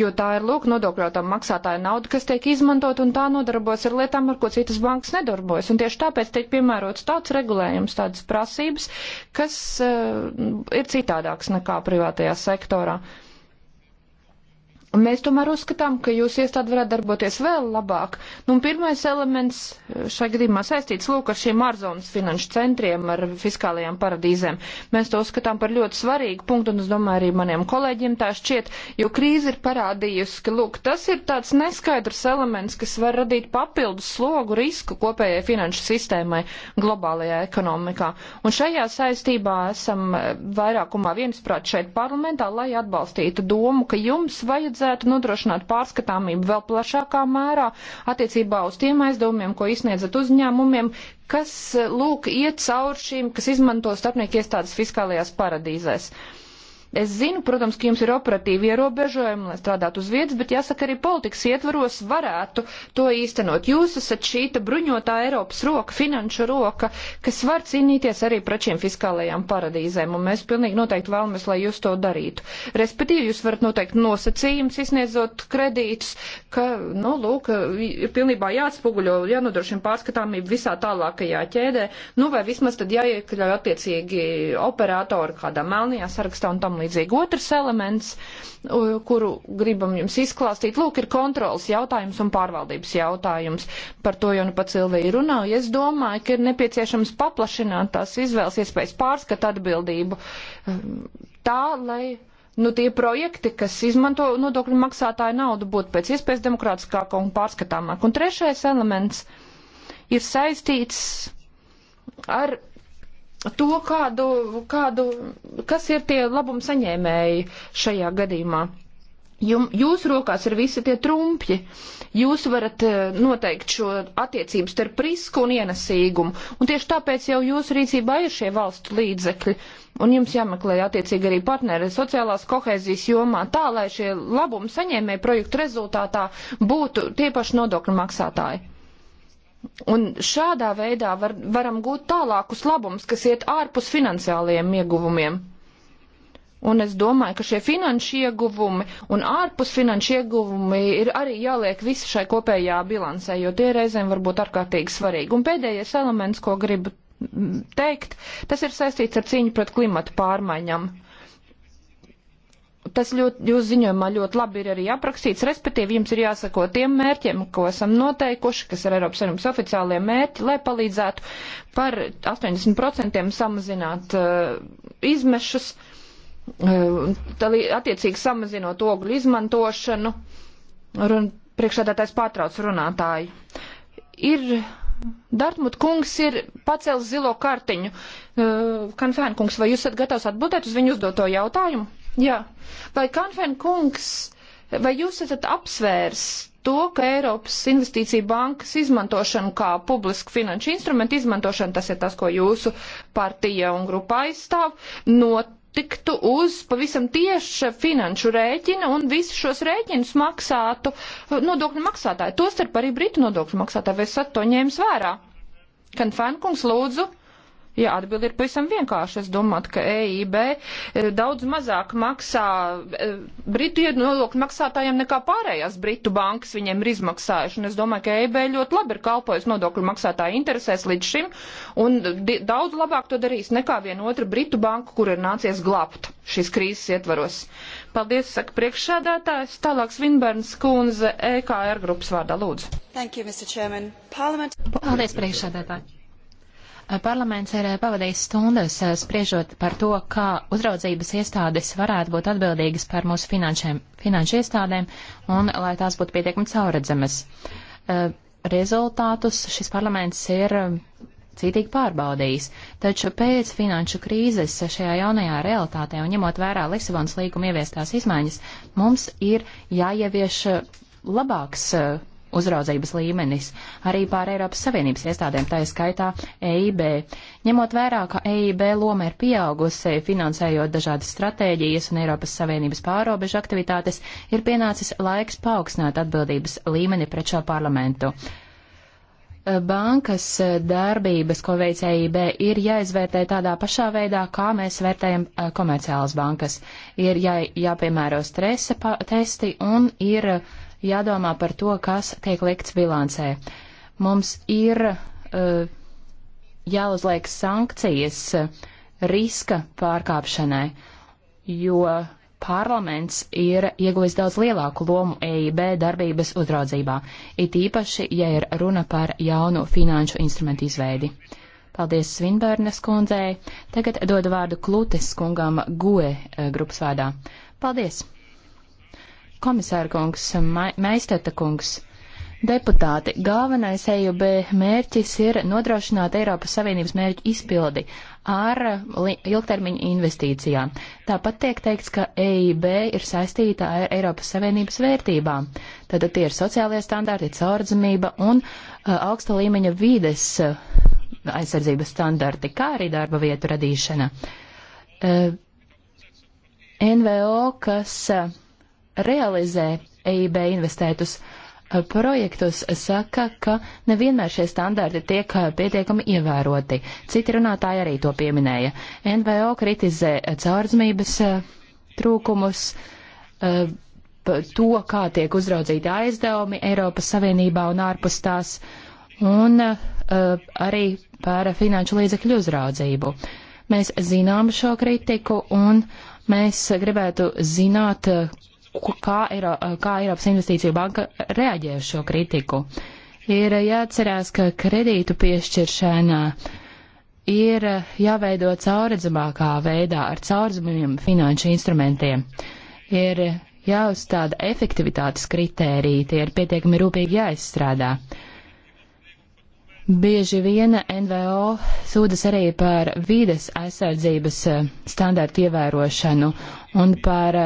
Jo tā ir lūk nodokļotām maksātāja nauda, kas tiek izmantot un tā nodarbojas ar lietām, ar ko citas bankas nedarbojas. Un tieši tāpēc tiek piemērots tāds regulējums, tādas prasības, kas uh, ir citādāks nekā privātajā sektorā. Uh, Un mēs tomēr uzskatām, ka jūsu iestāde varētu darboties vēl labāk. Nu, pirmais elements eh, šai gadījumā saistīts lūk ar šiem ārzonas finanšu centriem, ar fiskālajām paradīzēm. Mēs to uzskatām par ļoti svarīgu punktu, un es domāju arī maniem kolēģiem tā šķiet, jo krīze ir parādījusi, ka lūk, tas ir tāds neskaidrs elements, kas var radīt papildus slogu risku kopējai finanšu sistēmai globālajā ekonomikā. Un šajā saistībā esam eh, vairākumā viensprāt šeit parlamentā, lai atbalstītu domu, ka jums vajadzētu vajadzētu nodrošināt pārskatāmību vēl plašākā mērā attiecībā uz tiem aizdevumiem, ko izsniedzat uzņēmumiem, kas lūk iet cauri šīm, kas izmanto starpnieku iestādes fiskālajās paradīzēs. Uh, Es zinu, protams, ka jums ir operatīvi ierobežojumi, lai strādātu uz vietas, bet jāsaka, arī politikas ietvaros varētu to īstenot. Jūs esat šī bruņotā Eiropas roka, finanšu roka, kas var cīnīties arī pret šiem fiskālajām paradīzēm, un mēs pilnīgi noteikti vēlamies, lai jūs to darītu. Respektīvi, jūs varat noteikt nosacījums, izniedzot kredītus, ka, nu, lūk, ir pilnībā jāatspoguļo, jānodrošina pārskatāmība visā tālākajā ķēdē, nu, vai vismaz tad jāiekļauj attiecīgi operatori kādā melnajā sarakstā un tam tam līdzīgi. Otrs elements, kuru gribam jums izklāstīt, lūk, ir kontrols jautājums un pārvaldības jautājums. Par to jau nu pats Ilvija runāja. Es domāju, ka ir nepieciešams paplašināt tās izvēles iespējas pārskat atbildību um, tā, lai nu, tie projekti, kas izmanto nodokļu maksātāju naudu, būtu pēc iespējas demokrātiskāk un pārskatāmāk. Un trešais elements ir saistīts ar to, kādu, kādu, kas ir tie labumu saņēmēji šajā gadījumā. Jum, jūsu rokās ir visi tie trumpļi. Jūs varat eh, noteikt šo attiecības starp risku un ienesīgumu. Un tieši tāpēc jau jūsu rīcībā ir šie valstu līdzekļi. Un jums jāmeklē attiecīgi arī partneri sociālās kohēzijas jomā, tā lai šie labumu saņēmēji projektu rezultātā būtu tie paši nodokļu maksātāji. Un šādā veidā var, varam gūt tālākus labumus, kas iet ārpus finansiālajiem ieguvumiem. Un es domāju, ka šie finanšu ieguvumi un ārpus finanšu ieguvumi ir arī jāliek visu šai kopējā bilansē, jo tie reizēm var būt ārkārtīgi svarīgi. Un pēdējais elements, ko gribu teikt, tas ir saistīts ar cīņu pret klimatu pārmaiņām tas ļoti, jūs ziņojumā ļoti labi ir arī aprakstīts, respektīvi jums ir jāsako tiem mērķiem, ko esam noteikuši, kas ir Eiropas Savienības oficiālie mērķi, lai palīdzētu par 80% samazināt uh, izmešus, uh, talī, attiecīgi samazinot ogļu izmantošanu, run, priekšādātais pārtrauc runātāju. Ir Dartmut kungs ir pacēlis zilo kartiņu. Uh, Kanfēn kungs, vai jūs esat gatavs atbildēt uz viņu uzdoto jautājumu? Jā, vai Kanfen kungs, vai jūs esat apsvērs to, ka Eiropas investīcija bankas izmantošanu kā publisku finanšu instrumentu izmantošanu, tas ir tas, ko jūsu partija un grupa aizstāv, notiktu uz pavisam tieša finanšu rēķina un visus šos rēķinus maksātu eh, nodokļu maksātāji, tostarp arī Britu nodokļu maksātāji, vai esat to ņēmis vērā? Kanfēnkungs, lūdzu. Jā, atbildi ir pavisam vienkārši. Es domāju, ka EIB e, daudz mazāk maksā e, Britu nodokļu maksātājiem nekā pārējās Britu bankas viņiem ir izmaksājuši. Un es domāju, ka EIB ļoti labi ir kalpojis nodokļu maksātāju interesēs līdz šim un daudz labāk to darīs nekā viena otra Britu banka, kur ir nācies glābt šīs krīzes ietvaros. Paldies, saka priekšsēdētājs. Tālāk Svinbērns kundze EKR grupas vārdā lūdzu. Thank you, Mr. Chairman. Parliament... Paldies, priekšsēdētāji. Parlaments ir eh, pavadījis stundas eh, spriežot par to, kā uzraudzības iestādes varētu būt atbildīgas par mūsu finanšu iestādēm un lai tās būtu pietiekami cauredzemas. Eh, rezultātus šis parlaments ir cītīgi pārbaudījis, taču pēc finanšu krīzes šajā jaunajā realitātē un ņemot vērā Lisabonas līguma ieviestās izmaiņas, mums ir jāievieš labāks uzraudzības līmenis, arī pār Eiropas Savienības iestādēm, tā skaitā EIB. Ņemot vērā, ka EIB loma ir pieaugusi, finansējot dažādas stratēģijas un Eiropas Savienības pārobežu aktivitātes, ir pienācis laiks paaugstināt atbildības līmeni pret šo parlamentu. Bankas darbības, ko veic EIB, ir jāizvērtē tādā pašā veidā, kā mēs vērtējam komerciālas bankas. Ir jā, jāpiemēro stresa testi un ir uh, jādomā par to, kas tiek likts bilancē. Mums ir uh, jāuzliek sankcijas e, riska pārkāpšanai, jo parlaments ir ieguvis daudz lielāku lomu EIB darbības uzraudzībā, it īpaši, ja ir runa par jaunu finanšu instrumentu izveidi. Paldies Svinbērnes kundzei. Tagad dodu vārdu Klutes kungam GUE e, grupas vārdā. Paldies! Komisāra kungs, ma meisteta kungs. Deputāti, galvenais EUB mērķis ir nodrošināt Eiropas Savienības mērķu izpildi ar ilgtermiņa investīcijām. Tāpat tiek teikts, ka EIB ir saistīta ar Eiropas Savienības vērtībām. Tātad tie ir sociālie standarti, caurdzamība un uh, augsta līmeņa vides uh, aizsardzības standarti, kā arī darba vietu radīšana. Uh, NVO, kas. Uh, realizē EIB investētus projektus, saka, ka nevienmēr šie standarti tiek pietiekami ievēroti. Citi runātāji arī to pieminēja. NVO kritizē caurdzmības trūkumus, to, kā tiek uzraudzīti aizdevumi Eiropas Savienībā un ārpus tās, un arī par finanšu līdzekļu uzraudzību. Mēs zinām šo kritiku un mēs gribētu zināt, kā, Eiro, eh, kā Eiropas Investīcija banka reaģē uz šo kritiku. Ir eh, jāatcerās, ka kredītu piešķiršanā ir eh, jāveido cauredzamākā veidā ar cauredzamiem finanšu instrumentiem. Ir jāuzstāda efektivitātes kritēriji, tie ir pietiekami rūpīgi jāizstrādā. Bieži viena NVO sūdzas arī par vīdes aizsardzības standartu ievērošanu un par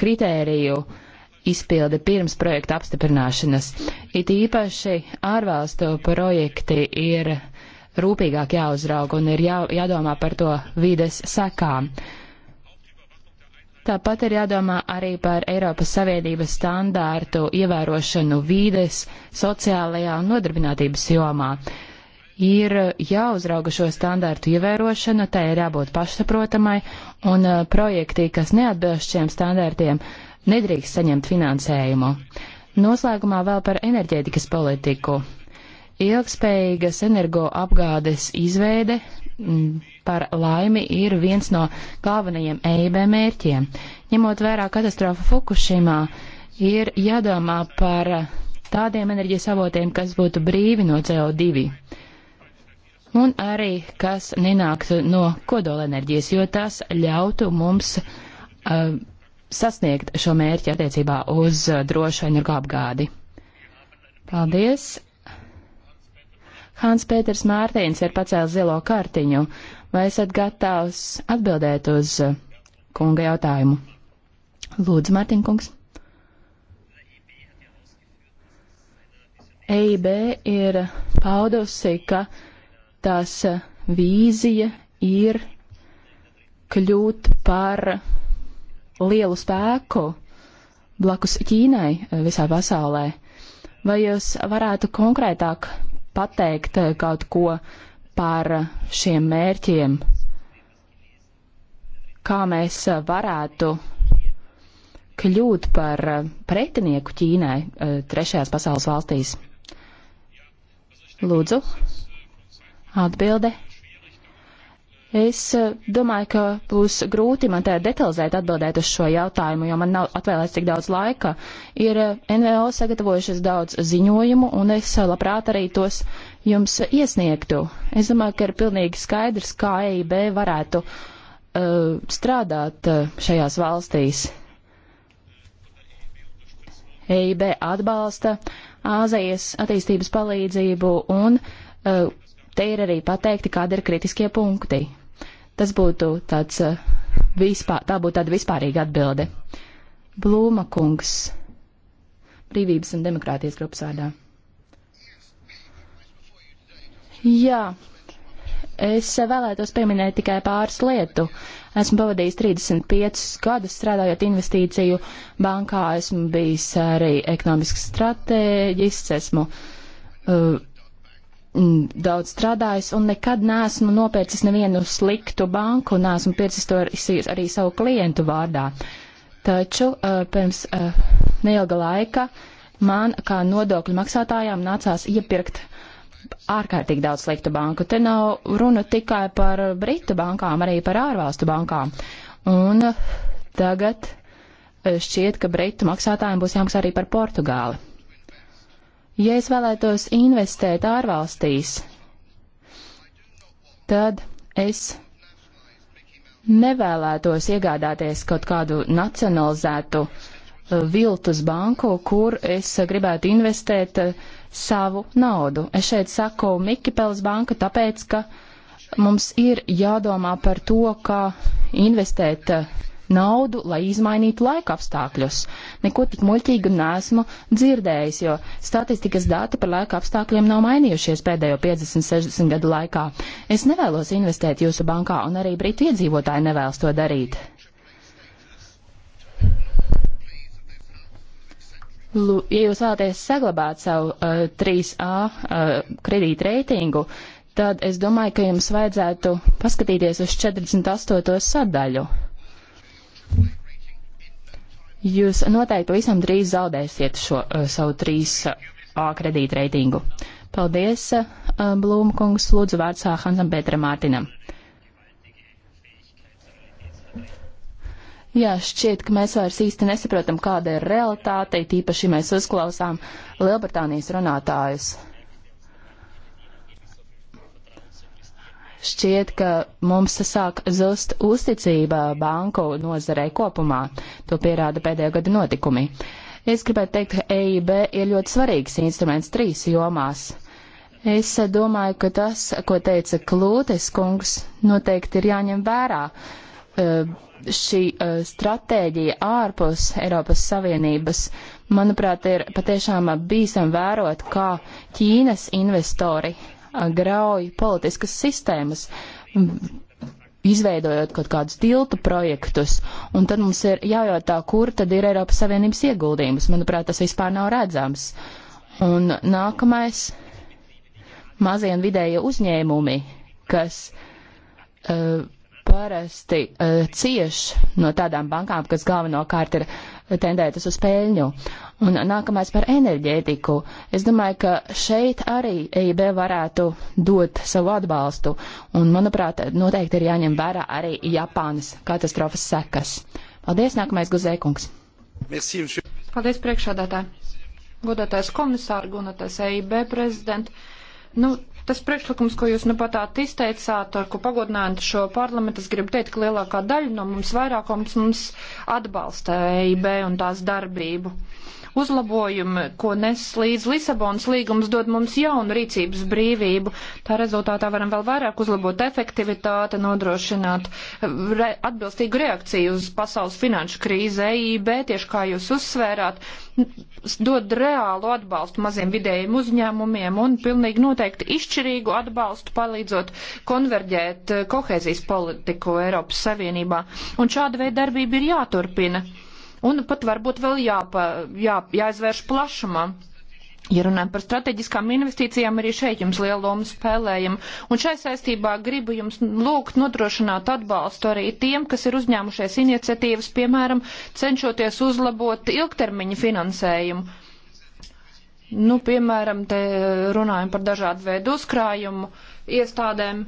kritēriju izpildi pirms projekta apstiprināšanas. It īpaši ārvalstu projekti ir rūpīgāk jāuzrauga un ir jā, jādomā par to vides sekām. Tāpat ir jādomā arī par Eiropas Savienības standārtu ievērošanu vīdes, sociālajā un nodarbinātības jomā ir jāuzrauga šo standārtu ievērošana, tā ir jābūt pašsaprotamai, un uh, projektī, kas neatbilst šiem standārtiem, nedrīkst saņemt finansējumu. Noslēgumā vēl par enerģētikas politiku. Ilgspējīgas energoapgādes izveide mm, par laimi ir viens no galvenajiem EIB mērķiem. Ņemot vērā katastrofu Fukushimā, ir jādomā par tādiem enerģijas avotiem, kas būtu brīvi no CO2 un arī kas nenāktu no kodolenerģijas, jo tas ļautu mums uh, sasniegt šo mērķi attiecībā uz uh, drošu energoapgādi. Paldies! Hans Pēters Mārtiņš ir pacēlis zilo kartiņu. Vai esat gatavs atbildēt uz uh, kunga jautājumu? Lūdzu, Mārtiņkungs. EIB ir paudusi, ka uh, tās e, vīzija ir kļūt par lielu spēku blakus Ķīnai e, visā pasaulē. Vai jūs varētu konkrētāk pateikt e, kaut ko par šiem mērķiem? Kā mēs varētu kļūt par pretinieku Ķīnai trešajās pasaules valstīs? Lūdzu. Atbilde. Es eh, domāju, ka būs grūti man te detalizēt atbildēt uz šo jautājumu, jo man nav atvēlēts tik daudz laika. Ir eh, NVO sagatavojušas daudz ziņojumu, un es eh, labprāt arī tos jums iesniegtu. Es domāju, ka ir pilnīgi skaidrs, kā EIB varētu uh, strādāt šajās valstīs. EIB atbalsta Āzijas attīstības palīdzību un uh, Te ir arī pateikti, kāda ir kritiskie punkti. Tas būtu tāds eh, vispār, tā būtu tāda vispārīga atbilde. Blūma kungs, brīvības un demokrātijas grupas vārdā. Jā, es vēlētos pieminēt tikai pāris lietu. Esmu pavadījis 35 gadus strādājot investīciju bankā, esmu bijis arī ekonomisks stratēģists, esmu uh, daudz strādājis un nekad neesmu nopērcis nevienu sliktu banku un neesmu pircis to arī savu klientu vārdā. Taču eh, pirms eh, neilga laika man kā nodokļu maksātājām nācās iepirkt ārkārtīgi daudz sliktu banku. Te nav runa tikai par Britu bankām, arī par ārvalstu bankām. Un eh, tagad šķiet, ka Britu maksātājiem būs jāmaksā arī par Portugāli. Ja es vēlētos investēt ārvalstīs, tad es nevēlētos iegādāties kaut kādu nacionalizētu uh, viltus banku, kur es gribētu investēt uh, savu naudu. Es šeit saku Mikipels banka, tāpēc, ka mums ir jādomā par to, kā investēt uh, naudu, lai izmainītu laika apstākļus. Neko tik muļķīgu nesmu dzirdējis, jo statistikas dati par laika apstākļiem nav mainījušies pēdējo 50-60 gadu laikā. Es nevēlos investēt jūsu bankā, un arī brītu iedzīvotāji nevēlas to darīt. Ja jūs vēlaties saglabāt savu uh, eh, 3A uh, eh, kredīta reitingu, tad es domāju, ka jums vajadzētu paskatīties uz 48. sadaļu. Jūs noteikti visam drīz zaudēsiet šo uh, savu 3A eh, kredītreitingu. Paldies, uh, Blūma kungs, lūdzu vārdsā Hansam Pēteram Mārtinam. Jā, šķiet, ka mēs vairs īsti nesaprotam, kāda ir realitāte, tīpaši mēs uzklausām Lielbritānijas runātājus. Šķiet, ka mums sāk zust uzticība banku nozarei kopumā. To pierāda pēdējo gadu notikumi. Es gribētu teikt, ka EIB ir ļoti svarīgs instruments trīs jomās. Es domāju, ka tas, ko teica Klūtes kungs, noteikti ir jāņem vērā. Eh, šī eh, stratēģija ārpus Eiropas Savienības, manuprāt, ir patiešām bīstam vērot, kā Ķīnas investori grauj politiskas sistēmas, izveidojot kaut kādus tiltu projektus, un tad mums ir jājautā, kur tad ir Eiropas Savienības ieguldījums. Manuprāt, tas vispār nav redzams. Un nākamais - mazie un vidējie uzņēmumi, kas uh, parasti uh, cieš no tādām bankām, kas galvenokārt ir tendētas uz peļņu. Un nākamais par enerģētiku. Es domāju, ka šeit arī EIB varētu dot savu atbalstu. Un, manuprāt, noteikti ir jāņem vērā arī Japānas katastrofas sekas. Paldies, nākamais Guzēkungs. Paldies, priekšādātāji. Godātais komisāri, godātais EIB prezidents. Nu, tas priekšlikums, ko jūs nu pat izteicāt, ar ko pagodinājāt šo parlamentu, es gribu teikt, ka lielākā daļa no mums vairākums mums atbalsta EIB un tās darbību. Uzlabojumi, ko nes līdz Lisabonas līgums, dod mums jaunu rīcības brīvību. Tā rezultātā varam vēl vairāk uzlabot efektivitāti, nodrošināt eh, re atbilstīgu reakciju uz pasaules finanšu krīzi, EIB, tieši kā jūs uzsvērāt, dod reālu atbalstu maziem vidējiem uzņēmumiem un pilnīgi noteikti izšķirīgu atbalstu palīdzot konverģēt eh, kohēzijas politiku Eiropas Savienībā. Un šāda veida darbība ir jāturpina un pat varbūt vēl jāpa, jā, jāizvērš plašumā. Ja runājam par strateģiskām investīcijām, arī šeit jums lielu lomu spēlējam. Un šai saistībā gribu jums lūgt nodrošināt atbalstu arī tiem, kas ir uzņēmušies iniciatīvas, piemēram, cenšoties uzlabot ilgtermiņa finansējumu. Nu, piemēram, te runājam par dažādu veidu uzkrājumu iestādēm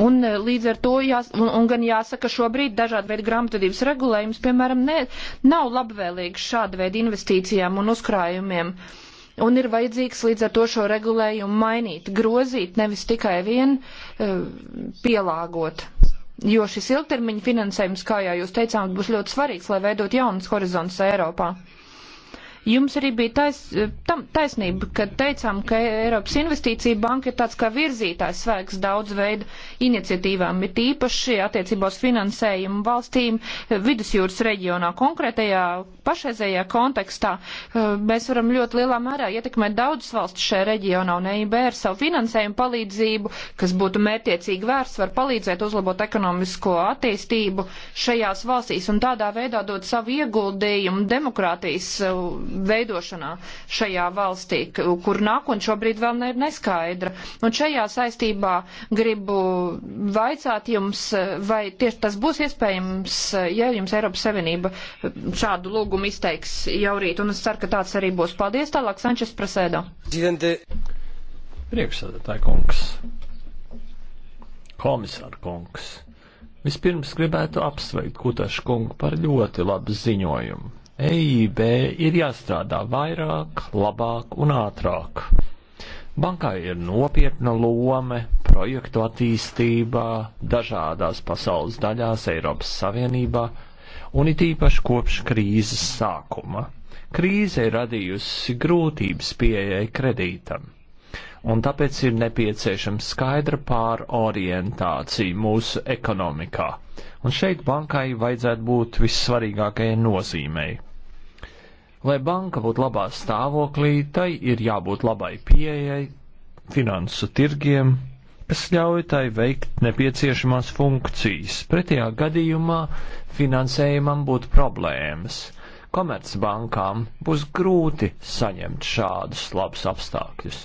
Un eh, līdz ar to jās, un, un gan jāsaka, šobrīd dažādi veidi grāmatvedības regulējums, piemēram, ne, nav labvēlīgs šāda veida investīcijām un uzkrājumiem. Un ir vajadzīgs līdz ar to šo regulējumu mainīt, grozīt, nevis tikai vien uh, pielāgot. Jo šis ilgtermiņa finansējums, kā jau jūs teicāt, būs ļoti svarīgs, lai veidot jaunas horizontus Eiropā. Jums arī bija tais, eh, tam, taisnība, kad teicām, ka Eiropas investīcija banka ir tāds kā virzītājs svēks daudz veidu iniciatīvām, ir īpaši attiecībos finansējumu valstīm eh, vidusjūras reģionā. Konkrētajā pašreizējā kontekstā eh, mēs varam ļoti lielā mērā ietekmēt daudzas valstis šajā reģionā un EIB ar savu finansējumu palīdzību, kas būtu mērķiecīgi vērsts, var palīdzēt uzlabot ekonomisko attīstību šajās valstīs un tādā veidā dot savu ieguldījumu demokrātijas veidošanā šajā valstī, kur nākotnē šobrīd vēl ne ir neskaidra. Un šajā saistībā gribu vaicāt jums, eh, vai tieši tas būs iespējams, eh, ja jums Eiropas Savienība eh, šādu lūgumu izteiks jau rīt. Un es ceru, ka tāds arī būs. Paldies, tālāk Sančes Prasēdo. Priekšsēdētāji kungs. Komisāra kungs. Vispirms gribētu apsveikt Kutašu kungu par ļoti labu ziņojumu. EIB ir jāstrādā vairāk, labāk un ātrāk. Bankai ir nopietna lome projektu attīstībā dažādās pasaules daļās Eiropas Savienībā un it īpaši kopš krīzes sākuma. Krīze ir radījusi grūtības pieejai kredītam, un tāpēc ir nepieciešama skaidra pārorientācija mūsu ekonomikā, un šeit bankai vajadzētu būt vissvarīgākajai nozīmei. Lai banka būtu labā stāvoklī, tai ir jābūt labai pieejai finansu tirgiem, kas ļauj tai veikt nepieciešamās funkcijas. Pretējā gadījumā finansējumam būtu problēmas. Komercbankām būs grūti saņemt šādus labus apstākļus.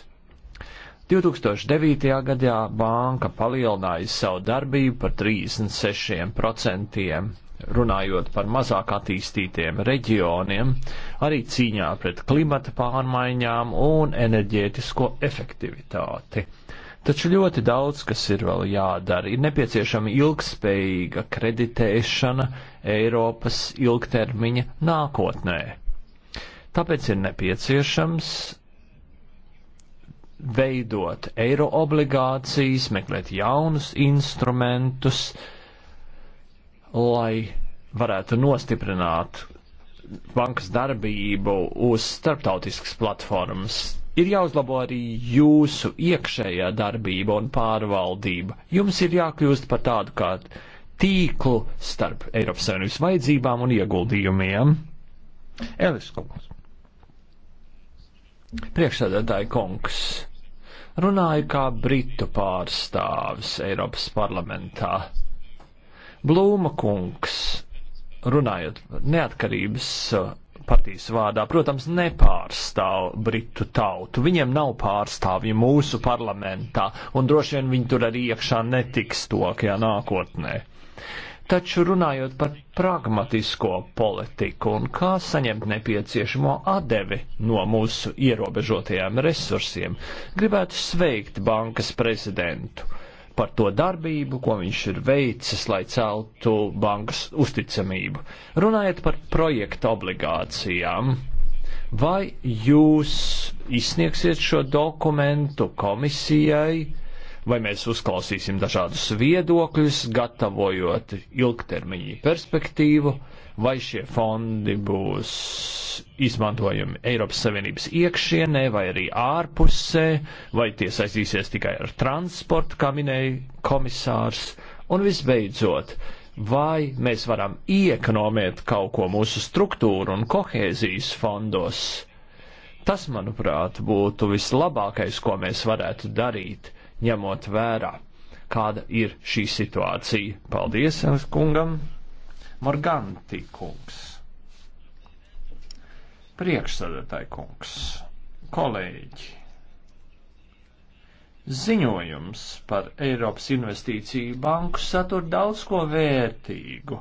2009. gadā banka palielināja savu darbību par 36% runājot par mazāk attīstītiem reģioniem, arī cīņā pret klimata pārmaiņām un enerģētisko efektivitāti. Taču ļoti daudz, kas ir vēl jādara, ir nepieciešama ilgspējīga kreditēšana Eiropas ilgtermiņa nākotnē. Tāpēc ir nepieciešams veidot eiro obligācijas, meklēt jaunus instrumentus, uh, lai varētu nostiprināt bankas darbību uz starptautiskas platformas. Ir jāuzlabo arī jūsu iekšējā darbība un pārvaldība. Jums ir jākļūst par tādu kā tīklu starp Eiropas Savienības vajadzībām un ieguldījumiem. Elis Kungs. Priekšsēdētāji Kungs. Runāju kā Britu pārstāvis Eiropas parlamentā Blūma kungs, runājot neatkarības uh, partijas vārdā, protams, nepārstāv britu tautu. Viņiem nav pārstāvji mūsu parlamentā, un droši vien viņi tur arī iekšā netiks tokajā nākotnē. Taču runājot par pragmatisko politiku un kā saņemt nepieciešamo atdevi no mūsu ierobežotajiem resursiem, gribētu sveikt bankas prezidentu par to darbību, ko viņš ir veicis, lai celtu bankas uzticamību. Runājot par projekta obligācijām, vai jūs izsniegsiet šo dokumentu komisijai, vai mēs uzklausīsim dažādus viedokļus, gatavojot ilgtermiņa perspektīvu? vai šie fondi būs izmantojami Eiropas Savienības iekšienē vai arī ārpusē, vai tie saistīsies tikai ar transportu, kā minēja komisārs, un visbeidzot, vai mēs varam iekonomēt kaut ko mūsu struktūru un kohēzijas fondos. Tas, manuprāt, būtu vislabākais, ko mēs varētu darīt, ņemot vērā, kāda ir šī situācija. Paldies, Ernst kungam! Morganti kungs. Priekšsēdētāji kungs. Kolēģi. Ziņojums par Eiropas investīciju banku satur daudz ko vērtīgu.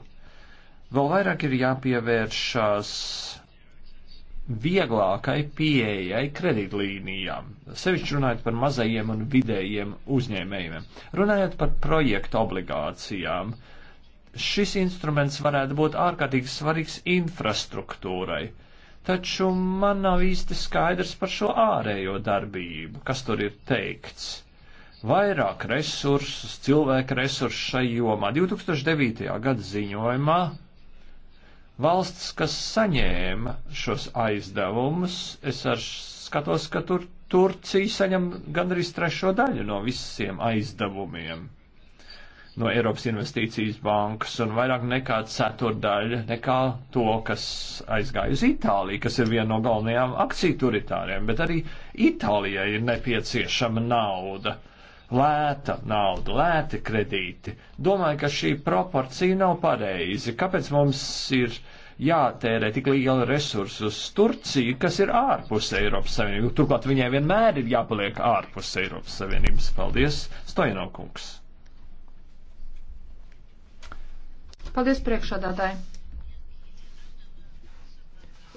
Vēl vairāk ir jāpievēršas vieglākai pieejai kredītlīnijām, sevišķi runājot par mazajiem un vidējiem uzņēmējiem, runājot par projektu obligācijām. Uh, šis instruments varētu būt ārkārtīgi svarīgs infrastruktūrai. Taču man nav īsti skaidrs par šo ārējo darbību, kas tur ir teikts. Vairāk resursus, cilvēku resursu šai jomā. 2009. gada ziņojumā valsts, kas saņēma šos aizdevumus, es ar skatos, ka tur Turcija saņem gandrīz trešo daļu no visiem aizdevumiem no Eiropas Investīcijas bankas un vairāk nekā ceturdaļa nekā to, kas aizgāja uz Itāliju, kas ir viena no galvenajām akciju turitāriem, bet arī Itālijai ir nepieciešama nauda lēta nauda, lēti kredīti. Domāju, ka šī proporcija nav pareizi. Kāpēc mums ir jātērē tik liela resursu uz Turciju, kas ir ārpus Eiropas Savienības? Turklāt viņai vienmēr ir jāpaliek ārpus Eiropas Savienības. Paldies, Stojanokungs! Paldies priekšādādāji.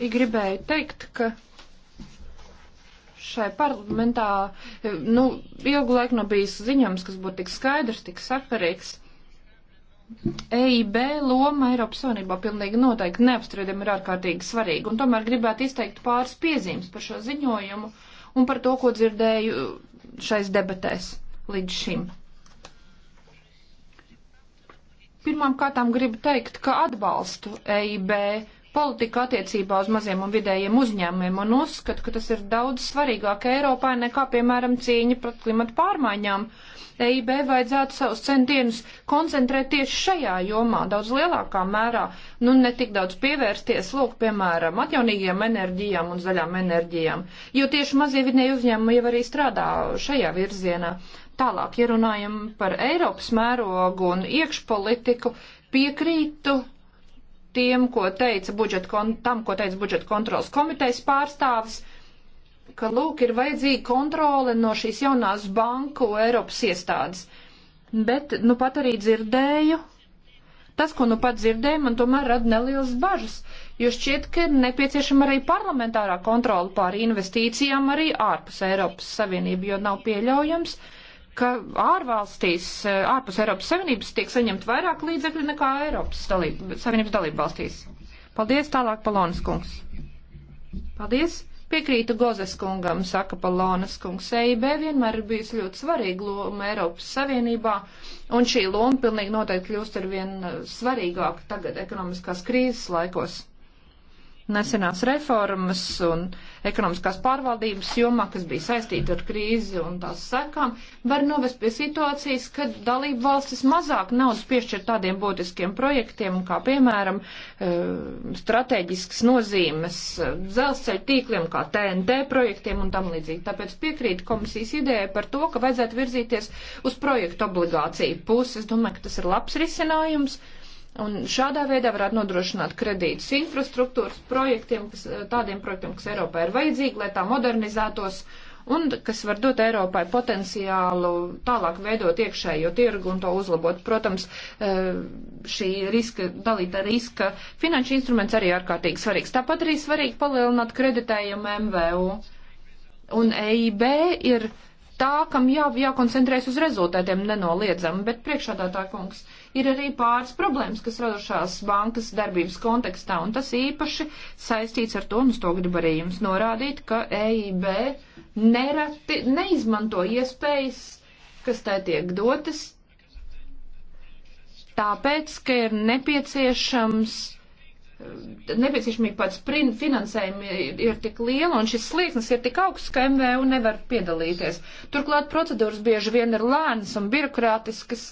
I gribēju teikt, ka šai parlamentā, nu, ilgu laiku nav bijis ziņojums, kas būtu tik skaidrs, tik sakarīgs. EIB loma Eiropas Savienībā pilnīgi noteikti neapstrīdami ir ārkārtīgi svarīga, un tomēr gribētu izteikt pāris piezīmes par šo ziņojumu un par to, ko dzirdēju šais debatēs līdz šim. Pirmām kārtām gribu teikt, ka atbalstu EIB politiku attiecībā uz maziem un vidējiem uzņēmumiem un uzskatu, ka tas ir daudz svarīgāk Eiropā nekā, piemēram, cīņa pret klimatu pārmaiņām. EIB vajadzētu savus centienus koncentrēt tieši šajā jomā, daudz lielākā mērā, nu ne tik daudz pievērsties, lūk, piemēram, atjaunīgiem enerģijām un zaļām enerģijām, jo tieši mazie vidēji uzņēmumi jau arī strādā šajā virzienā. Tālāk, ja runājam par Eiropas mērogu un iekšpolitiku, piekrītu tiem, ko teica budžeta, tam, ko teica budžeta kontrolas komitejas pārstāvis, ka, lūk, ir vajadzīga kontrole no šīs jaunās banku Eiropas iestādes. Bet, nu, pat arī dzirdēju, tas, ko nu pat dzirdēju, man tomēr rada nelielas bažas, jo šķiet, ka ir nepieciešama arī parlamentārā kontrola pār investīcijām arī ārpus Eiropas Savienību, jo nav pieļaujams, uh, ka ārvalstīs, eh, ārpus Eiropas Savienības tiek saņemt vairāk līdzekļu nekā Eiropas dalība, Savienības dalība valstīs. Paldies, tālāk Palonas kungs. Paldies. Piekrītu Gozes kungam, saka Palonas kungs. EIB vienmēr ir bijusi ļoti svarīga loma Eiropas Savienībā, un šī loma pilnīgi noteikti kļūst ar vien eh, svarīgāk tagad ekonomiskās krīzes laikos nesenās reformas un ekonomiskās pārvaldības jomā, kas bija saistīta ar krīzi un tās sekām, var novest pie situācijas, kad dalību valstis mazāk naudas piešķir tādiem būtiskiem projektiem, kā piemēram eh, strateģiskas nozīmes eh, dzelzceļa tīkliem, kā TNT projektiem un tam līdzīgi. Tāpēc piekrīt komisijas idejai par to, ka vajadzētu virzīties uz projektu obligāciju pusi. Es domāju, ka tas ir labs risinājums. Un šādā veidā varētu nodrošināt kredītus infrastruktūras projektiem, kas, eh, tādiem projektiem, kas Eiropā ir vajadzīgi, lai tā modernizētos un kas var dot Eiropai potenciālu tālāk veidot iekšējo tirgu un to uzlabot. Protams, eh, šī riska, dalīta riska finanšu instruments arī ārkārtīgi svarīgs. Tāpat arī svarīgi palielināt kreditējumu MVU. Un EIB ir tā, kam jā, jākoncentrēs uz rezultātiem nenoliedzami, bet priekšādā tā kungs. Uh, ir arī pāris problēmas, kas radušās bankas darbības kontekstā, un tas īpaši saistīts ar to, un es to gribu arī jums norādīt, ka EIB nereti neizmanto iespējas, kas tai tiek dotas, tāpēc, ka ir nepieciešams, eh, nepieciešamība pats finansējumi ir tik liela un šis slieksnis ir tik augsts, ka MVU nevar piedalīties. Turklāt procedūras bieži vien ir lēnas un birokrātiskas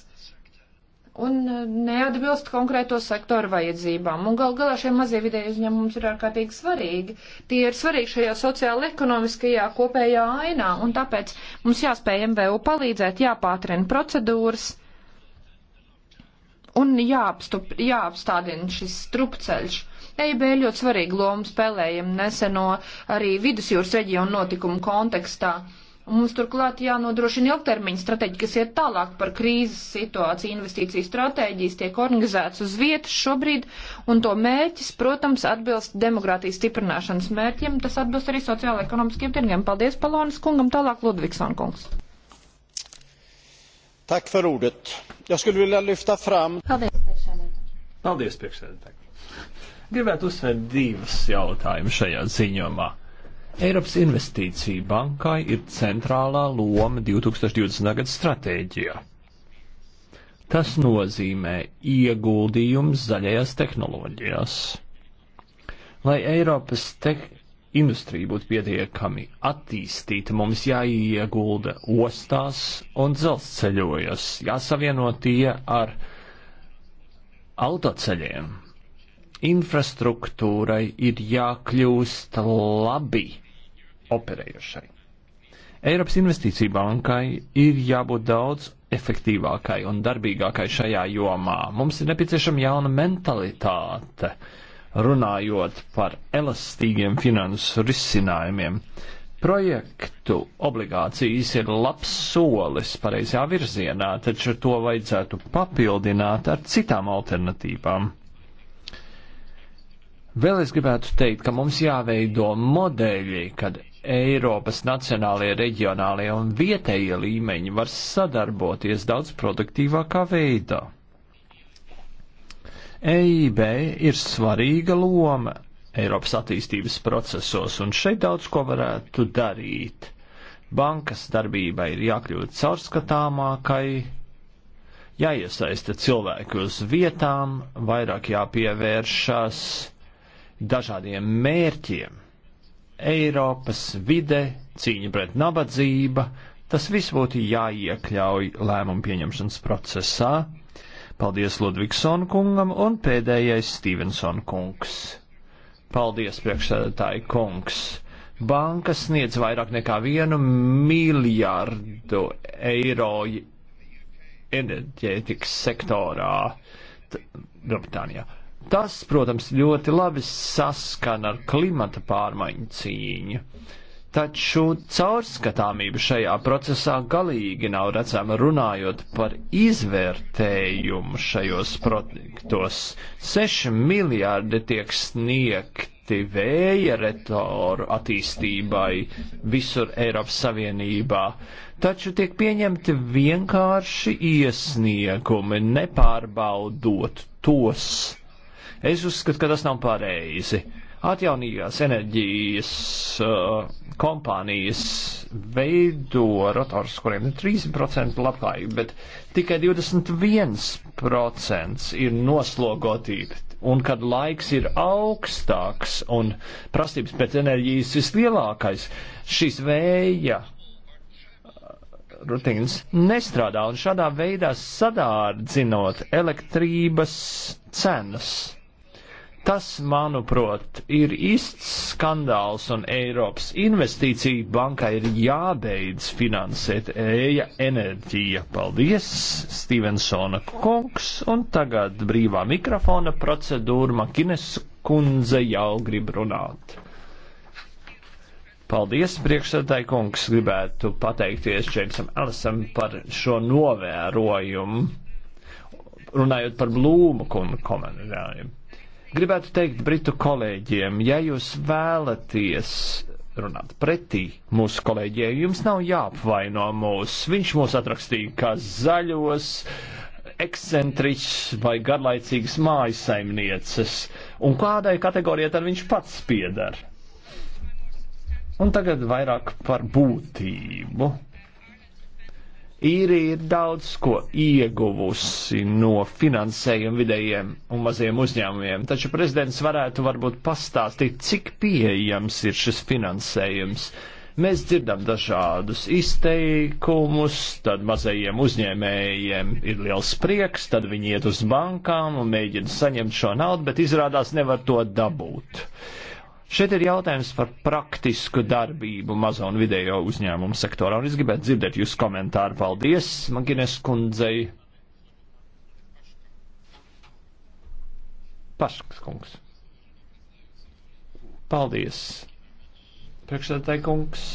un e, neatbilst konkrēto sektoru vajadzībām. Un gal galā šie mazie vidēji uzņēmumi ir ārkārtīgi svarīgi. Tie ir svarīgi šajā sociāla-ekonomiskajā kopējā ainā, un tāpēc mums jāspēj MVU palīdzēt, jāpātrina procedūras un jāapstup, jāapstādina šis strupceļš. EIB ļoti svarīgu lomu spēlējam neseno arī vidusjūras reģionu notikumu kontekstā. Mums turklāt jānodrošina ilgtermiņa stratēģija, kas iet tālāk par krīzes situāciju. Investīciju stratēģijas tiek organizētas uz vietas šobrīd, un to mērķis, protams, atbilst demokrātijas stiprināšanas mērķiem. Tas atbilst arī sociālajiem tirgiem. Paldies, Palonis kungam, tālāk Ludvigson kungs. Tak för ordet. Jag skulle vilja lyfta fram... Paldies, priekšsēdētāji. Paldies, priekšsēdētāji. Gribētu uzsvērt divas jautājumas šajā ziņomā. Eiropas investīcija bankai ir centrālā loma 2020. gada stratēģijā. Tas nozīmē ieguldījums zaļajās tehnoloģijās. Lai Eiropas teh industrija būtu pietiekami attīstīta, mums jāiegulda ostās un dzelzceļojas, jāsavieno tie ar autoceļiem. Infrastruktūrai ir jākļūst labi operējušai. Eiropas Investīcija bankai ir jābūt daudz efektīvākai un darbīgākai šajā jomā. Mums ir nepieciešama jauna mentalitāte, runājot par elastīgiem finansu risinājumiem. Projektu obligācijas ir labs solis pareizajā virzienā, taču to vajadzētu papildināt ar citām alternatīvām. Vēl es gribētu teikt, ka mums jāveido modeļi, kad Eiropas nacionālie, reģionālie un vietējie līmeņi var sadarboties daudz produktīvākā veidā. EIB ir svarīga loma Eiropas attīstības procesos, un šeit daudz ko varētu darīt. Bankas darbībai ir jākļūt caurskatāmākai, jāiesaista cilvēki uz vietām, vairāk jāpievēršas dažādiem mērķiem Eiropas vide, cīņa pret nabadzība, tas viss būtu jāiekļauj lēmumu pieņemšanas procesā. Paldies Ludvigsonu kungam un pēdējais Stevenson kungs. Paldies, priekšsēdētāji kungs. Bankas sniedz vairāk nekā vienu miljārdu eiro enerģētikas sektorā Lielbritānijā. Tas, protams, ļoti labi saskana ar klimata pārmaiņu cīņu. Taču caurskatāmība šajā procesā galīgi nav redzama runājot par izvērtējumu šajos projektos. Seši miljārdi tiek sniegti vēja retoru attīstībai visur Eiropas Savienībā, taču tiek pieņemti vienkārši iesniegumi, nepārbaudot tos Es uzskatu, ka tas nav pareizi. Atjaunīgās enerģijas uh, kompānijas veido rotors, kuriem ir 30% labklājība, bet tikai 21% ir noslogotība un kad laiks ir augstāks un prasības pēc enerģijas vislielākais, šis vēja uh, rutīns nestrādā un šādā veidā sadārdzinot elektrības cenas. Tas, manuprāt, ir īsts skandāls, un Eiropas investīcija bankai ir jābeidz finansēt ēja enerģija. Paldies, Stevensona kungs, un tagad brīvā mikrofona procedūra Makines kundze jau grib runāt. Paldies, priekšsēdētāji kungs, gribētu pateikties Džeimsam Ellisam par šo novērojumu, runājot par blūmu kundu komentāriem Gribētu teikt britu kolēģiem, ja jūs vēlaties runāt pretī mūsu kolēģiem, jums nav jāapvaino mūs. Viņš mūs atrakstīja kā zaļos, ekscentrisks vai garlaicīgs mājasaimnieces. Un kādai kategorijai tad viņš pats piedara? Un tagad vairāk par būtību. Īrija ir daudz ko ieguvusi no finansējuma vidējiem un maziem uzņēmumiem, taču prezidents varētu varbūt pastāstīt, cik pieejams ir šis finansējums. Mēs dzirdam dažādus izteikumus, tad mazajiem uzņēmējiem ir liels prieks, tad viņi iet uz bankām un mēģina saņemt šo naudu, bet izrādās nevar to dabūt. Uh, Šeit ir jautājums par praktisku darbību mazo un vidējo uzņēmumu sektorā, un es gribētu dzirdēt jūsu komentāru. Paldies, Magines kundzei. Paškas kungs. Paldies. Priekšsēdētāji kungs.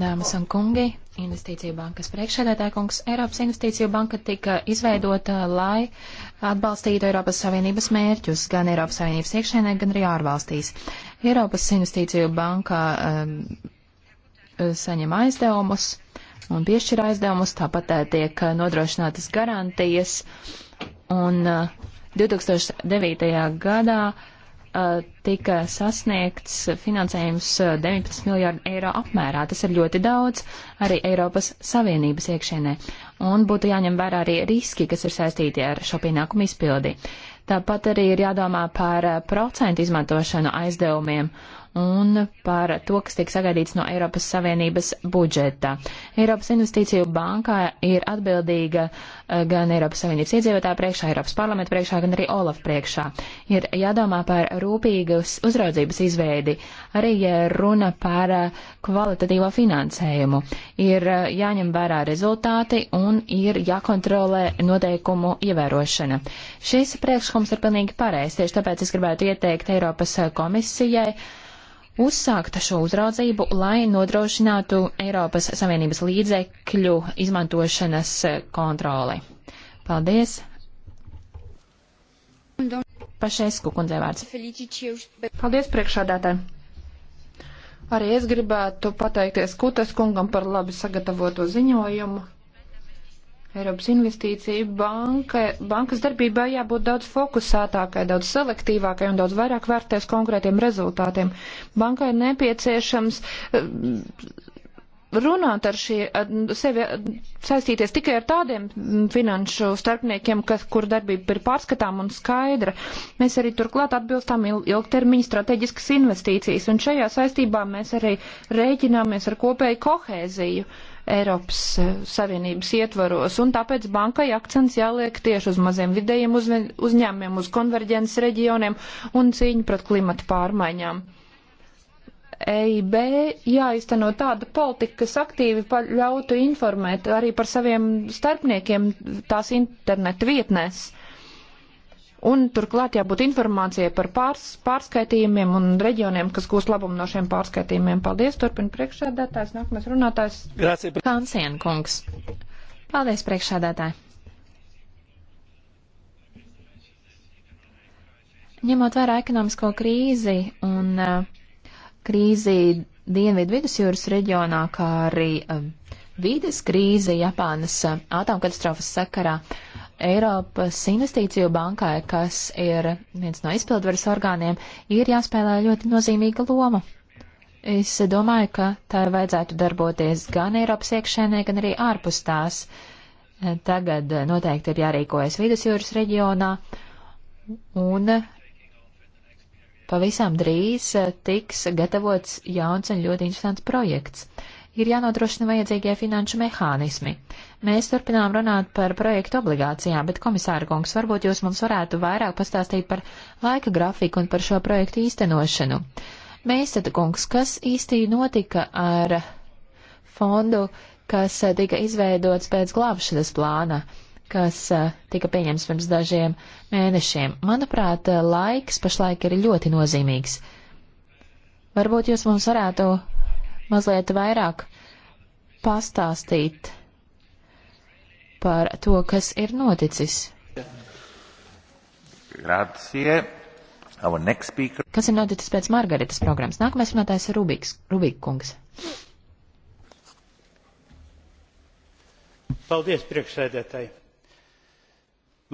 Dāmas un kungi, Investīcija bankas priekšsēdētāja kungs, Eiropas Investīciju banka tika izveidota, lai atbalstītu Eiropas Savienības mērķus gan Eiropas Savienības iekšēnē, gan arī ārvalstīs. Eiropas Investīciju banka um, saņem aizdevumus un piešķir aizdevumus, tāpat uh, tiek nodrošinātas garantijas. Un uh, 2009. gadā uh, Uh, tika sasniegts finansējums 19 uh, miljārdu eiro apmērā. Tas ir ļoti daudz arī Eiropas Savienības iekšienē. Un būtu jāņem vērā arī riski, kas ir saistīti ar šo pienākumu izpildi. Tāpat arī ir jādomā par uh, procentu izmantošanu aizdevumiem. Uh, un par to, kas tiek sagaidīts no Eiropas Savienības budžeta. Eiropas Investīciju bankā ir atbildīga eh, gan Eiropas Savienības iedzīvotāja priekšā, Eiropas parlamenta priekšā, gan arī Olaf priekšā. Ir jādomā par rūpīgas uzraudzības izveidi, arī runa par eh, kvalitatīvo finansējumu. Ir eh, jāņem vērā rezultāti un ir jākontrolē noteikumu ievērošana. Šis priekšlikums ir pilnīgi pareizs, tieši tāpēc es gribētu ieteikt Eiropas komisijai, uh, uzsākta šo uzraudzību, lai nodrošinātu Eiropas Savienības līdzekļu izmantošanas kontroli. Paldies! Pašesku kundzei vārds. Paldies priekšādātāji! Arī es gribētu pateikties Kutas kungam par labi sagatavoto ziņojumu. Eiropas investīcija banka, bankas darbībai jābūt daudz fokusētākai, daudz selektīvākai un daudz vairāk vērties konkrētiem rezultātiem. Bankai nepieciešams eh, runāt ar šie, ar sevi saistīties tikai ar tādiem finanšu starpniekiem, kas, kur darbība ir pārskatām un skaidra. Mēs arī turklāt atbilstām ilgtermiņa strateģiskas investīcijas, un šajā saistībā mēs arī rēķināmies ar kopēju kohēziju. Eiropas eh, Savienības ietvaros, un tāpēc bankai akcents jāliek tieši uz maziem vidējiem uzņēmumiem, uz konverģences reģioniem un cīņu pret klimatu pārmaiņām. EIB jāizteno tāda politika, kas aktīvi ļautu informēt arī par saviem starpniekiem tās internetu vietnēs. Un turklāt jābūt informācijai par pārs, pārskaitījumiem un reģioniem, kas gūs labumu no šiem pārskaitījumiem. Paldies, turpina priekšsēdētājs, nākamais runātājs. Grācija. Kansien kungs. Paldies, priekšsēdētāji. Ņemot vērā ekonomisko krīzi un uh, krīzi Dienvidu vidusjūras reģionā, kā arī um, vīdes krīzi Japānas um, atomkatastrofas sakarā. Eiropas investīciju bankai, kas ir viens no izpildvaras orgāniem, ir jāspēlē ļoti nozīmīga loma. Es domāju, ka tā vajadzētu darboties gan Eiropas iekšēnē, gan arī ārpus tās. Tagad noteikti ir jārīkojas vidusjūras reģionā, un Pavisam drīz eh, tiks gatavots jauns un ļoti interesants projekts. Ir jānodrošina vajadzīgie finanšu mehānismi. Mēs turpinām runāt par projektu obligācijām, bet komisāra kungs, varbūt jūs mums varētu vairāk pastāstīt par laika grafiku un par šo projektu īstenošanu. Mēs tad, kungs, kas īstī notika ar fondu, kas eh, tika izveidots pēc glābšanas plāna? Uh, kas eh, tika pieņems pirms dažiem mēnešiem. Manuprāt, eh, laiks pašlaik ir ļoti nozīmīgs. Varbūt jūs mums varētu mazliet vairāk pastāstīt par to, kas ir noticis. Grazie. Kas ir noticis pēc Margaritas programmas? Nākamais runātājs ir Rubiks, Rubik kungs. Paldies, priekšsēdētāji!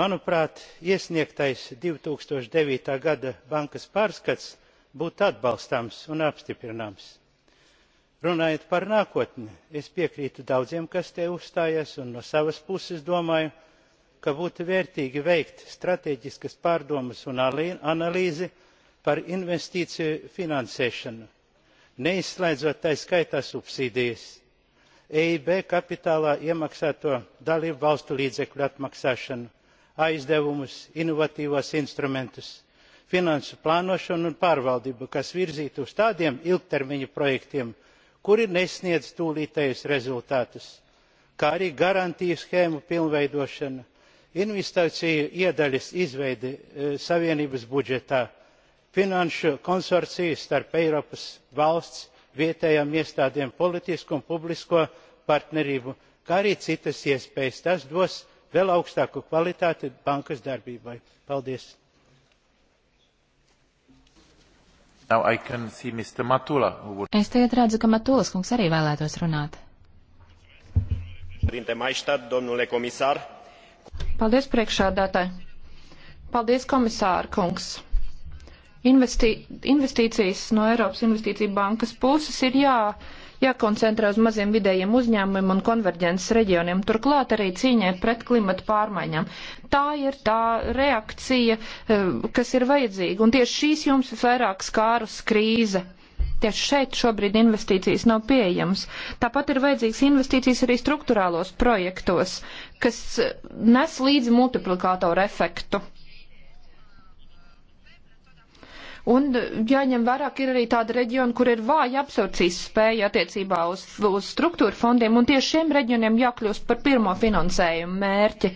manuprāt iesniegtais divi tūkstoši devītā gada bankas pārskats būtu atbalstāms un apstiprināms. runājot par nākotni es piekrītu daudziem kas te uzstājās un no savas puses domāju ka būtu vērtīgi veikt stratēģiskas pārdomas un analīzi par investīciju finansēšanu neizslēdzot tai skaitā subsīdijas eib kapitālā iemaksāto dalību valstu līdzekļu atmaksāšanu aizdevumus inovatīvos instrumentus finansu plānošanu un pārvaldību kas virzītu uz tādiem ilgtermiņa projektiem kuri nesniedz tūlītējus rezultātus kā arī garantiju schēmu pilnveidošanu investīciju iedaļas izveidi eh, savienības budžetā finanšu konsorciju starp eiropas valsts vietējām iestādēm politisku un publisko partnerību kā arī citas iespējas. tas dos vēl augstāku kvalitāti bankas darbībai. paldies! Matula, would... Es tagad redzu, ka Matulas kungs arī vēlētos runāt. Paldies priekšādātāji. Paldies komisāra kungs. Investī... Investīcijas no Eiropas investīcija bankas puses ir jā. Uh, jākoncentrē uz maziem vidējiem uzņēmumiem un konverģences reģioniem, turklāt arī cīņai pret klimatu pārmaiņām. Tā ir tā reakcija, eh, kas ir vajadzīga, un tieši šīs jums vairāk skārus krīze. Tieši šeit šobrīd investīcijas nav pieejamas. Tāpat ir vajadzīgas investīcijas arī struktūrālos projektos, kas eh, nes līdzi multiplikātoru efektu. Un e, jāņem vairāk ir arī tāda reģiona, kur ir vāja absorpcijas spēja attiecībā uz, uz struktūra fondiem, un tieši šiem reģioniem jākļūst par pirmo finansējumu mērķi.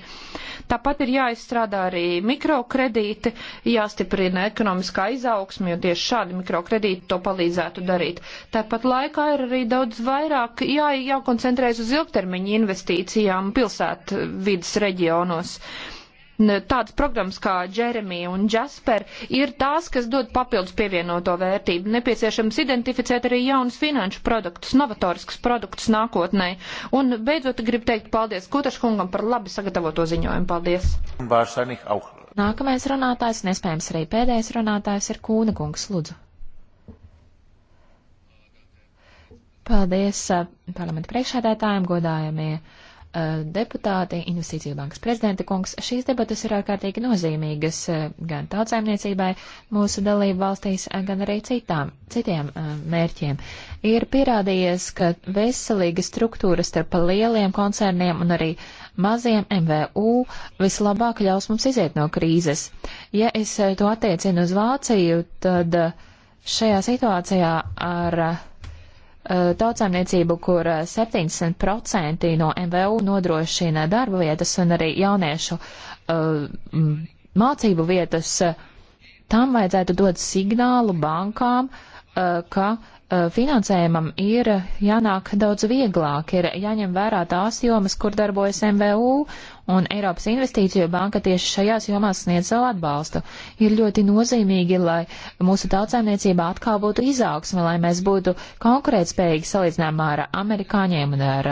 Tāpat ir jāizstrādā arī mikrokredīti, jāstiprina ekonomiskā izaugsme, jo tieši šādi mikrokredīti to palīdzētu darīt. Tāpat laikā ir arī daudz vairāk jā, jākoncentrējas uz ilgtermiņa investīcijām pilsētu vidas reģionos. Uh, tādas programmas kā Jeremija un Jasper ir tās, kas dod papildus pievienoto vērtību. Nepieciešams identificēt arī jaunus finanšu produktus, novatoriskus produktus nākotnē. Un beidzot gribu teikt paldies Kutaškungam par labi sagatavoto ziņojumu. Paldies! Nākamais runātājs, un iespējams arī pēdējais runātājs, ir Kūna kungs, lūdzu. Paldies uh, parlamentu priekšādētājiem, godājamie Eh, deputāti, Investīciju bankas prezidenta kungs, šīs debatas ir ārkārtīgi nozīmīgas eh, gan tautsājumniecībai mūsu dalību valstīs, eh, gan arī citām, citiem mērķiem. Ir pierādījies, ka veselīga struktūra starp lieliem koncerniem un arī maziem MVU vislabāk ļaus mums iziet no krīzes. Ja es to attiecinu uz Vāciju, tad šajā situācijā ar Eh, tautsēmniecību, kur 70% eh, no MVU nodrošina darba vietas un arī jauniešu eh, mācību vietas, tam vajadzētu dot signālu bankām, ka finansējumam ir jānāk daudz vieglāk, ir jāņem vērā tās jomas, kur darbojas MVU, un Eiropas investīciju banka tieši šajās jomās sniedz savu atbalstu. Ir ļoti nozīmīgi, lai mūsu tautsēmniecībā atkal būtu izaugsme, lai mēs būtu konkurētspējīgi salīdzinājumā ar amerikāņiem un ar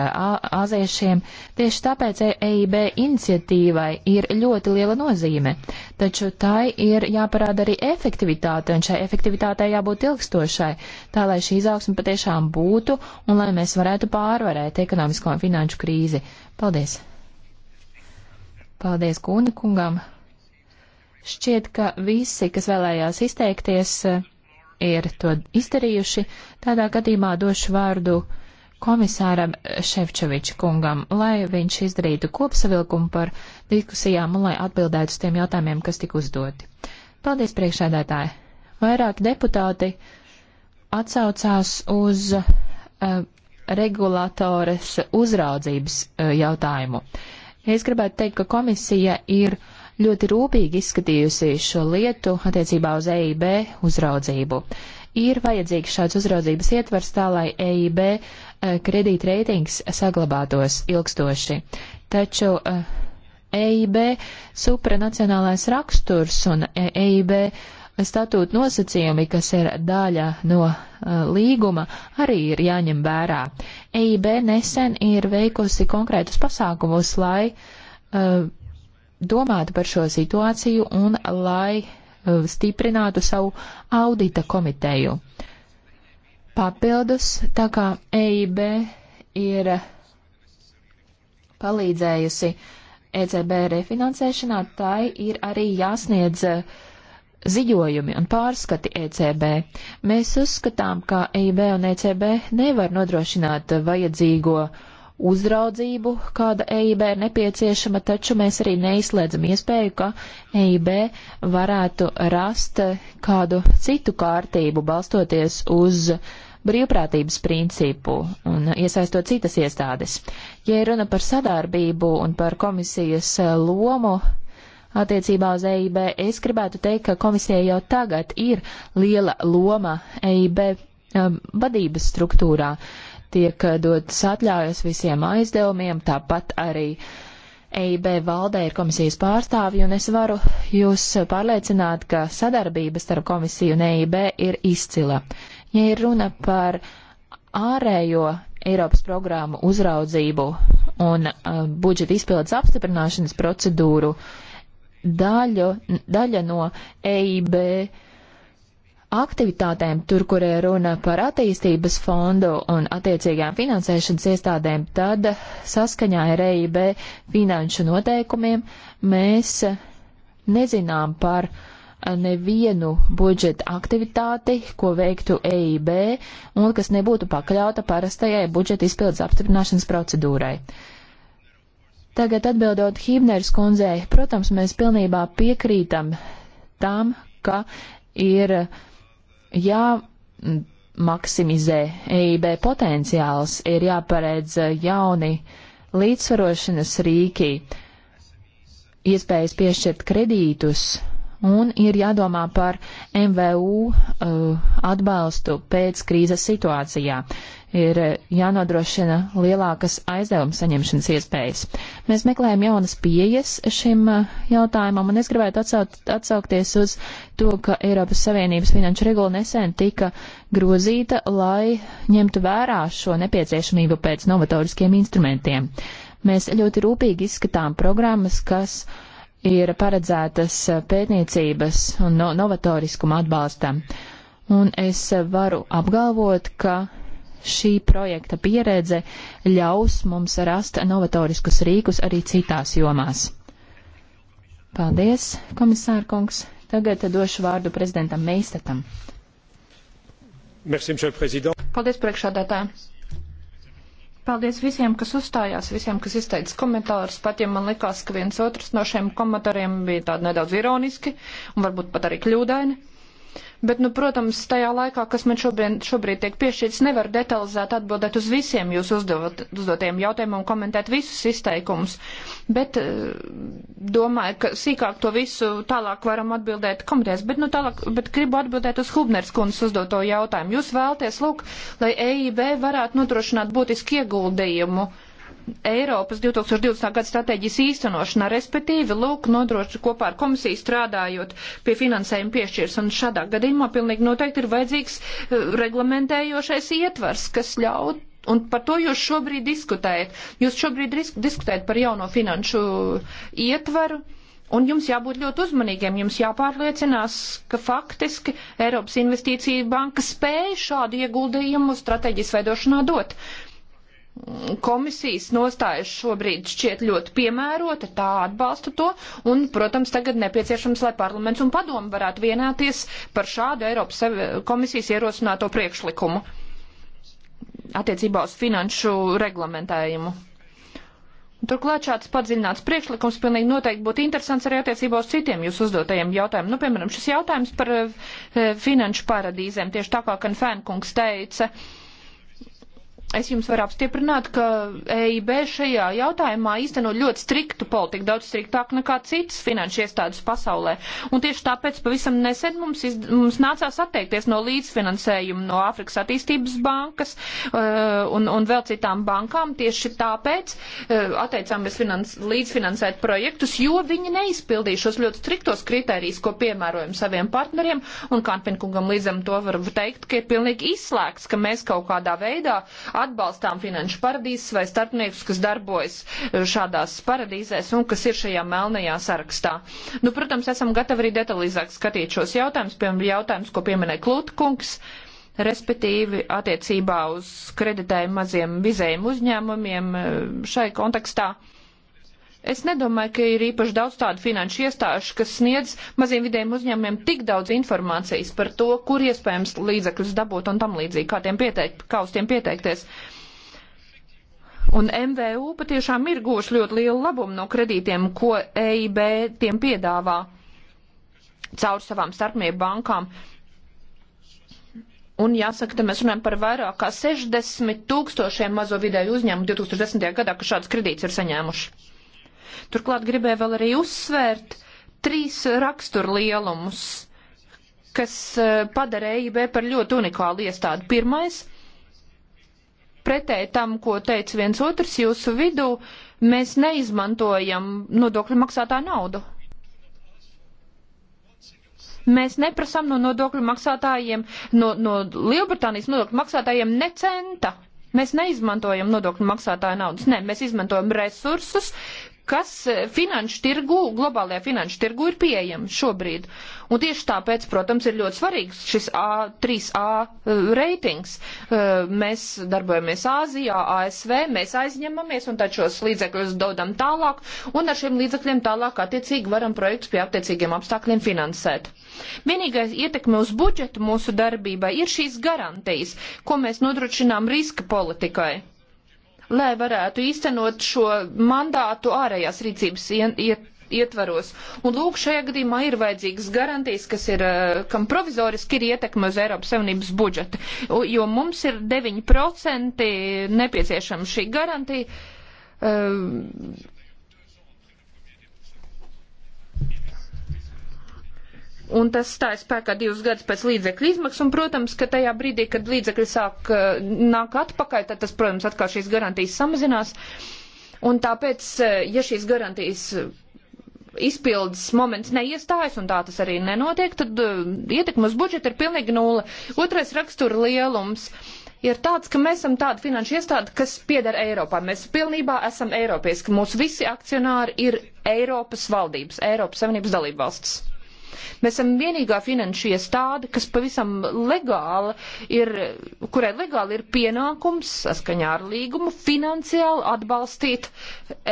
aziešiem. Tieši tāpēc EIB e iniciatīvai ir ļoti liela nozīme, taču tai ir jāparāda arī efektivitāte, un šai efektivitātei jābūt ilgstošai, tā lai šī izaugsme patiešām būtu un lai mēs varētu pārvarēt ekonomisko un finanšu krīzi. Paldies! Paldies Kūna kungam. Šķiet, ka visi, kas vēlējās izteikties, ir to izdarījuši. Tādā gadījumā došu vārdu komisāram Ševčoviča kungam, lai viņš izdarītu kopsavilkumu par diskusijām un lai atbildētu uz tiem jautājumiem, kas tika uzdoti. Paldies, priekšsēdētāji! Vairāki deputāti atsaucās uz uh, eh, regulātores uzraudzības uh, jautājumu. Uh, Es gribētu teikt, ka komisija ir ļoti rūpīgi izskatījusi šo lietu attiecībā uz EIB uzraudzību. Ir vajadzīgs šāds uzraudzības ietvars tā, lai EIB eh, kredītreitings saglabātos ilgstoši. Taču EIB eh, e supranacionālais raksturs un EIB eh, e uh, statūta nosacījumi, kas ir daļa no uh, līguma, arī ir jāņem vērā. EIB nesen ir veikusi konkrētus pasākumus, lai uh, domātu par šo situāciju un lai uh, stiprinātu savu audita komiteju. Papildus, tā kā EIB ir palīdzējusi ECB refinansēšanā, tai ir arī jāsniedz uh, ziņojumi un pārskati ECB. Mēs uzskatām, ka EIB un ECB nevar nodrošināt vajadzīgo uzraudzību, kāda EIB ir nepieciešama, taču mēs arī neizslēdzam iespēju, ka EIB varētu rast kādu citu kārtību, balstoties uz brīvprātības principu un iesaistot citas iestādes. Ja runa par sadarbību un par komisijas lomu Attiecībā uz EIB es gribētu teikt, ka komisijai jau tagad ir liela loma EIB um, vadības struktūrā. Tiek dotas atļaujas visiem aizdevumiem, tāpat arī EIB valdē ir komisijas pārstāvji, un es varu jūs pārliecināt, ka sadarbība starp komisiju un EIB ir izcila. Ja ir runa par ārējo Eiropas programmu uzraudzību un uh, budžeta izpildes apstiprināšanas procedūru, uh, daļu, daļa no EIB aktivitātēm, tur, kur ir runa par attīstības fondu un attiecīgām finansēšanas iestādēm, tad saskaņā ar EIB finanšu noteikumiem mēs nezinām par nevienu budžeta aktivitāti, ko veiktu EIB un kas nebūtu pakļauta parastajai budžeta izpildes apstiprināšanas procedūrai. Uh, Tagad atbildot Hībners kundzei, protams, mēs pilnībā piekrītam tam, ka ir jāmaksimizē EIB potenciāls, ir jāparedz jauni līdzsvarošanas rīki, iespējas piešķirt kredītus un ir jādomā par MVU uh, atbalstu pēc krīzes situācijā ir eh, jānodrošina lielākas aizdevuma saņemšanas iespējas. Mēs meklējam jaunas pieejas šim eh, jautājumam, un es gribētu atsaukt, atsaukties uz to, ka Eiropas Savienības finanšu regula nesen tika grozīta, lai ņemtu vērā šo nepieciešamību pēc novatoriskiem instrumentiem. Mēs ļoti rūpīgi izskatām programmas, kas ir paredzētas eh, pētniecības un no, novatoriskuma atbalstam. Un es varu apgalvot, ka šī projekta pieredze ļaus mums rast novatoriskus rīkus arī citās jomās. Paldies, komisārkungs. Tagad došu vārdu prezidentam Meistatam. Merci, Paldies, priekšādātāji. Paldies visiem, kas uzstājās, visiem, kas izteica komentārus. Pat ja man likās, ka viens otrs no šiem komentāriem bija tādi nedaudz ironiski un varbūt pat arī kļūdaini Bet, nu, protams, tajā laikā, kas man šobrien, šobrīd tiek piešķirts, nevar detalizēt atbildēt uz visiem jūsu uzdot, uzdotiem jautājumiem un komentēt visus izteikumus. Bet eh, domāju, ka sīkāk to visu tālāk varam atbildēt komitēs. Bet, nu, tālāk, bet gribu atbildēt uz Hubners kundas uzdoto jautājumu. Jūs vēlties, lūk, lai EIB varētu notrošināt būtisku ieguldījumu uh, Eiropas 2020. gada stratēģijas īstenošanā, respektīvi, lūk, nodroši kopā ar komisiju strādājot pie finansējuma piešķirs. Un šādā gadījumā pilnīgi noteikti ir vajadzīgs eh, reglamentējošais ietvars, kas ļaut. Un par to jūs šobrīd diskutējat. Jūs šobrīd diskutējat par jauno finanšu ietvaru. Un jums jābūt ļoti uzmanīgiem, jums jāpārliecinās, ka faktiski Eiropas Investīcija banka spēja šādu ieguldījumu strateģijas veidošanā dot komisijas nostājas šobrīd šķiet ļoti piemērota, tā atbalsta to, un, protams, tagad nepieciešams, lai parlaments un padomu varētu vienāties par šādu Eiropas komisijas ierosināto priekšlikumu attiecībā uz finanšu reglamentējumu. Turklāt šāds padziļināts priekšlikums pilnīgi noteikti būtu interesants arī attiecībā uz citiem jūs uzdotajiem jautājumiem. Nu, piemēram, šis jautājums par eh, finanšu paradīzēm, tieši tā kā Kanfēnkungs teica. Uh, Es jums varu apstiprināt, ka EIB šajā jautājumā īsteno ļoti striktu politiku, daudz striktāk nekā citas finanšu iestādes pasaulē. Un tieši tāpēc pavisam nesen mums, iz, mums nācās atteikties no līdzfinansējuma no Āfrikas attīstības bankas uh, un, un vēl citām bankām. Tieši tāpēc uh, atteicāmies finans, līdzfinansēt projektus, jo viņi neizpildīja šos ļoti striktos kritērijus, ko piemērojam saviem partneriem. Un Kanpinkungam līdzam to varu teikt, ka ir pilnīgi izslēgts, ka mēs kaut kādā veidā atbalstām finanšu paradīzes vai starpniekus, kas darbojas e, šādās paradīzēs un kas ir šajā melnajā sarakstā. Nu, protams, esam gatavi arī detalizāk skatīt šos jautājumus, piemēram, jautājumus, ko pieminēja Klutkungs respektīvi attiecībā uz kreditējumu maziem vizējiem uzņēmumiem e, šai kontekstā. Es nedomāju, ka ir īpaši daudz tādu finanšu iestāžu, kas sniedz maziem vidējiem uzņēmumiem tik daudz informācijas par to, kur iespējams līdzekļus dabūt un tam līdzīgi, kā, tiem pieteikt, kā uz tiem pieteikties. Un MVU patiešām ir guvuši ļoti lielu labumu no kredītiem, ko EIB tiem piedāvā caur savām starpnieku bankām. Un jāsaka, te mēs runājam par vairāk kā 60 tūkstošiem mazo vidēju uzņēmumu 2010. gadā, kas šādas kredītas ir saņēmuši. Turklāt gribēju vēl arī uzsvērt trīs rakstura lielumus, kas eh, padara EIB par ļoti unikālu iestādi. Pirmais, pretēji tam, ko teica viens otrs jūsu vidū, mēs neizmantojam nodokļu maksātā naudu. Mēs neprasām no nodokļu maksātājiem, no, no Lielbritānijas nodokļu maksātājiem ne centa. Mēs neizmantojam nodokļu maksātāju naudas, nē, mēs izmantojam resursus, kas eh, finanšu tirgu, globālajā finanšu tirgu ir pieejama šobrīd. Un tieši tāpēc, protams, ir ļoti svarīgs šis A, 3A eh, reitings. Eh, mēs darbojamies Āzijā, ASV, mēs aizņemamies un tačos līdzekļus dodam tālāk un ar šiem līdzekļiem tālāk attiecīgi varam projekts pie attiecīgiem apstākļiem finansēt. Vienīgais ietekme uz budžetu mūsu darbībai ir šīs garantijas, ko mēs nodrošinām riska politikai lai varētu īstenot šo mandātu ārējās rīcības ietvaros. Un lūk, šajā gadījumā ir vajadzīgas garantijas, kas ir, eh, kam provizoriski ir ietekme uz Eiropas Savienības budžetu, jo mums ir 9% nepieciešama šī garantija eh, un tas stāja spēkā divus gadus pēc līdzekļu izmaksas, un, protams, ka tajā brīdī, kad līdzekļi sāk eh, nāk atpakaļ, tad tas, protams, atkal šīs garantijas samazinās, un tāpēc, eh, ja šīs garantijas izpildes moments neiestājas, un tā tas arī nenotiek, tad eh, ietekmas budžeta ir pilnīgi nula. Otrais rakstura lielums ir tāds, ka mēs esam tāda finanšu iestāde, kas pieder Eiropā. Mēs pilnībā esam Eiropieši, ka mūsu visi akcionāri ir Eiropas valdības, Eiropas Savienības dalībvalsts. Mēs esam vienīgā finanšu iestāde, kas pavisam legāli ir, kurai legāli ir pienākums saskaņā ar līgumu finansiāli atbalstīt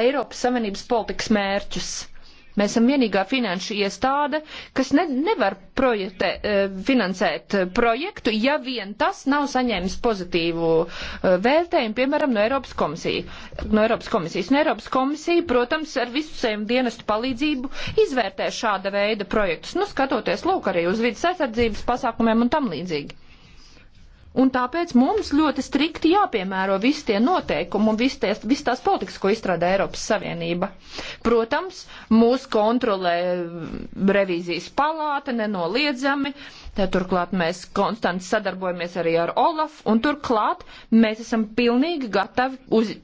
Eiropas Savienības politikas mērķus. Mēs esam vienīgā finanšu iestāde, kas ne, nevar projekte, eh, finansēt projektu, ja vien tas nav saņēmis pozitīvu eh, vērtējumu, piemēram, no Eiropas, komisija, no Eiropas komisijas. No Eiropas komisija, protams, ar visu saviem dienestu palīdzību izvērtē šāda veida projektus, nu, skatoties lūk arī uz vidas aizsardzības pasākumiem un tam līdzīgi. Un tāpēc mums ļoti strikti jāpiemēro visi tie noteikumi un visi tās, visi tās politikas, ko izstrādā Eiropas Savienība. Protams, mūs kontrolē revīzijas palāta nenoliedzami, tā, turklāt mēs konstanti sadarbojamies arī ar Olaf, un turklāt mēs esam pilnīgi gatavi uz,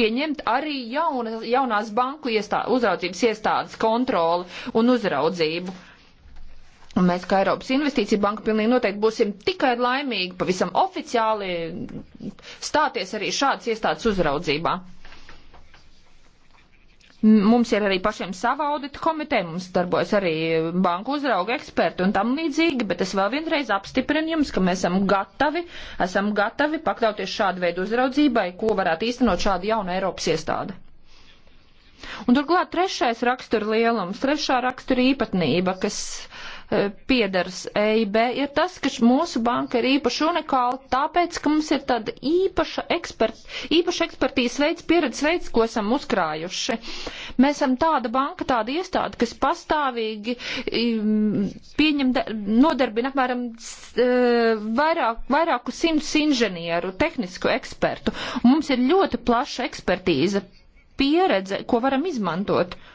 pieņemt arī jauna, jaunās banku iestā, uzraudzības iestādes kontroli un uzraudzību Un mēs, kā Eiropas Investīcija banka, pilnīgi noteikti būsim tikai laimīgi pavisam oficiāli stāties arī šādas iestādes uzraudzībā. Mums ir arī pašiem sava audita komiteja, mums darbojas arī banku uzrauga eksperti un tam līdzīgi, bet es vēl vienreiz apstiprinu jums, ka mēs esam gatavi, esam gatavi pakļauties šādu veidu uzraudzībai, ko varētu īstenot šāda jauna Eiropas iestāde. Un turklāt trešais rakstura lielums, trešā rakstura īpatnība, kas Eh, piedaras EIB, ir tas, ka mūsu banka ir īpaši unikāla, tāpēc, ka mums ir tāda īpaša, ekspert, īpaša ekspertīzes veids, pieredzes veids, ko esam uzkrājuši. Mēs esam tāda banka, tāda iestāde, kas pastāvīgi pieņem, nodarbina apmēram eh, vairāk, vairāku simtus inženieru, tehnisku ekspertu. Mums ir ļoti plaša ekspertīze, pieredze, ko varam izmantot. Uh,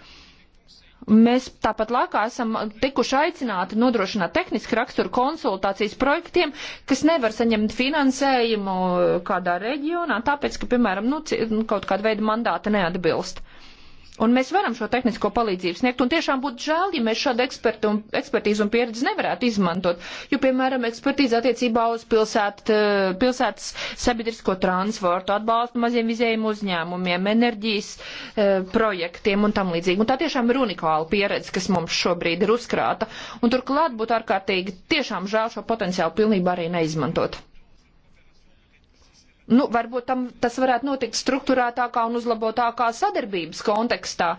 Mēs tāpat laikā esam tikuši aicināti nodrošināt tehniski raksturu konsultācijas projektiem, kas nevar saņemt finansējumu kādā reģionā, tāpēc, ka, piemēram, nu, nu kaut kāda veida mandāta neatbilst. Uh, Un mēs varam šo tehnisko palīdzību sniegt, un tiešām būtu žēl, ja mēs šādu ekspertu un, ekspertīzu un pieredzi nevarētu izmantot, jo, piemēram, ekspertīze attiecībā uz pilsēt, eh, pilsētas sabiedrisko transportu, atbalstu maziem vizējiem uzņēmumiem, enerģijas eh, projektiem un tam līdzīgi. Un tā tiešām ir unikāla pieredze, kas mums šobrīd ir uzkrāta, un turklāt būtu ārkārtīgi tiešām žēl šo potenciālu pilnībā arī neizmantot. Nu, varbūt tam, tas varētu notikt struktūrētākā un uzlabotākā sadarbības kontekstā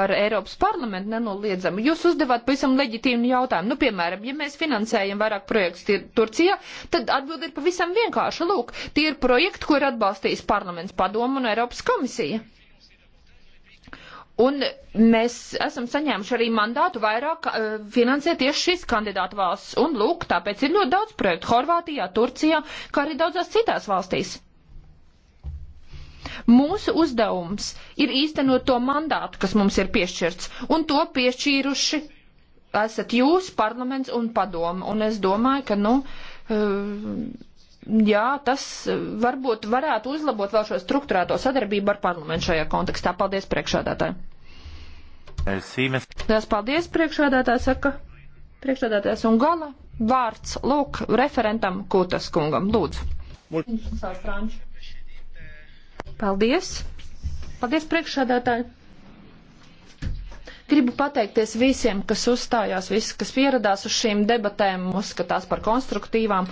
ar Eiropas parlamentu nenoliedzami. Jūs uzdevāt pavisam leģitīmu jautājumu. Nu, piemēram, ja mēs finansējam vairāk projektus Turcijā, tad atbildi ir pavisam vienkārši. Lūk, tie ir projekti, ko ir atbalstījis parlaments padomu un Eiropas komisija. Un mēs esam saņēmuši arī mandātu vairāk uh, finansēt tieši šīs kandidātu valsts. Un lūk, tāpēc ir ļoti daudz projektu Horvātijā, Turcijā, kā arī daudzās citās valstīs. Mūsu uzdevums ir īstenot to mandātu, kas mums ir piešķirts, un to piešķīruši esat jūs, parlaments un padoma. Un es domāju, ka, nu, eh, jā, tas eh, varbūt varētu uzlabot vēl šo struktūrēto sadarbību ar parlamentu šajā kontekstā. Paldies priekšādātāji. Tās paldies priekšādātāji, saka priekšādātājs un gala. Vārds lūk referentam Kūtas kungam. Lūdzu. Viņš ir savs frančs. Paldies! Paldies, priekšsādātāji! Gribu pateikties visiem, kas uzstājās, visi, kas pieradās uz šīm debatēm, uzskatās par konstruktīvām.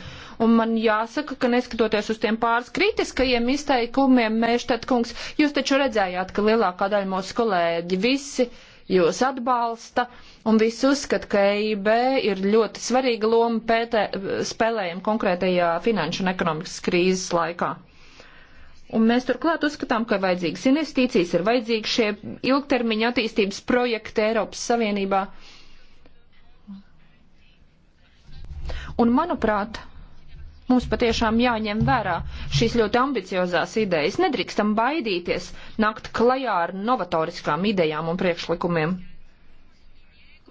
Un man jāsaka, ka neskatoties uz tiem pāris kritiskajiem izteikumiem, Mēštet kungs, jūs taču redzējāt, ka lielākā daļa mūsu kolēģi visi jūs atbalsta un visi uzskata, ka EIB ir ļoti svarīga loma pētē, spēlējiem konkrētajā finanšu un ekonomikas krīzes laikā. Un mēs turklāt uzskatām, ka ir vajadzīgas investīcijas, ir vajadzīgi šie ilgtermiņa attīstības projekti Eiropas Savienībā. Un, manuprāt, mums patiešām jāņem vērā šīs ļoti ambiciozās idejas. Nedrīkstam baidīties nākt klajā ar novatoriskām idejām un priekšlikumiem.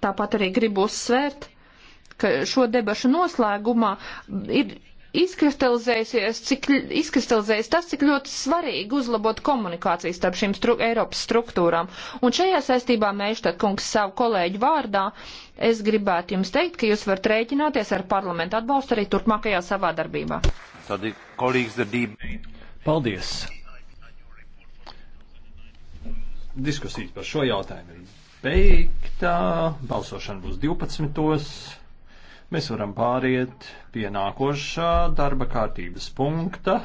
Tāpat arī gribu uzsvērt, ka šo debašu noslēgumā ir izkristalizējies, cik, izkristalizējies tas, cik ļoti svarīgi uzlabot komunikāciju starp šīm stru, Eiropas struktūrām. Un šajā saistībā Mēštad kungs savu kolēģu vārdā es gribētu jums teikt, ka jūs varat rēķināties ar parlamentu atbalstu arī turpmākajā savā darbībā. Paldies! Diskusijas par šo jautājumu ir beigta. Balsošana būs 12. Mēs varam pāriet pie nākošā darba kārtības punkta.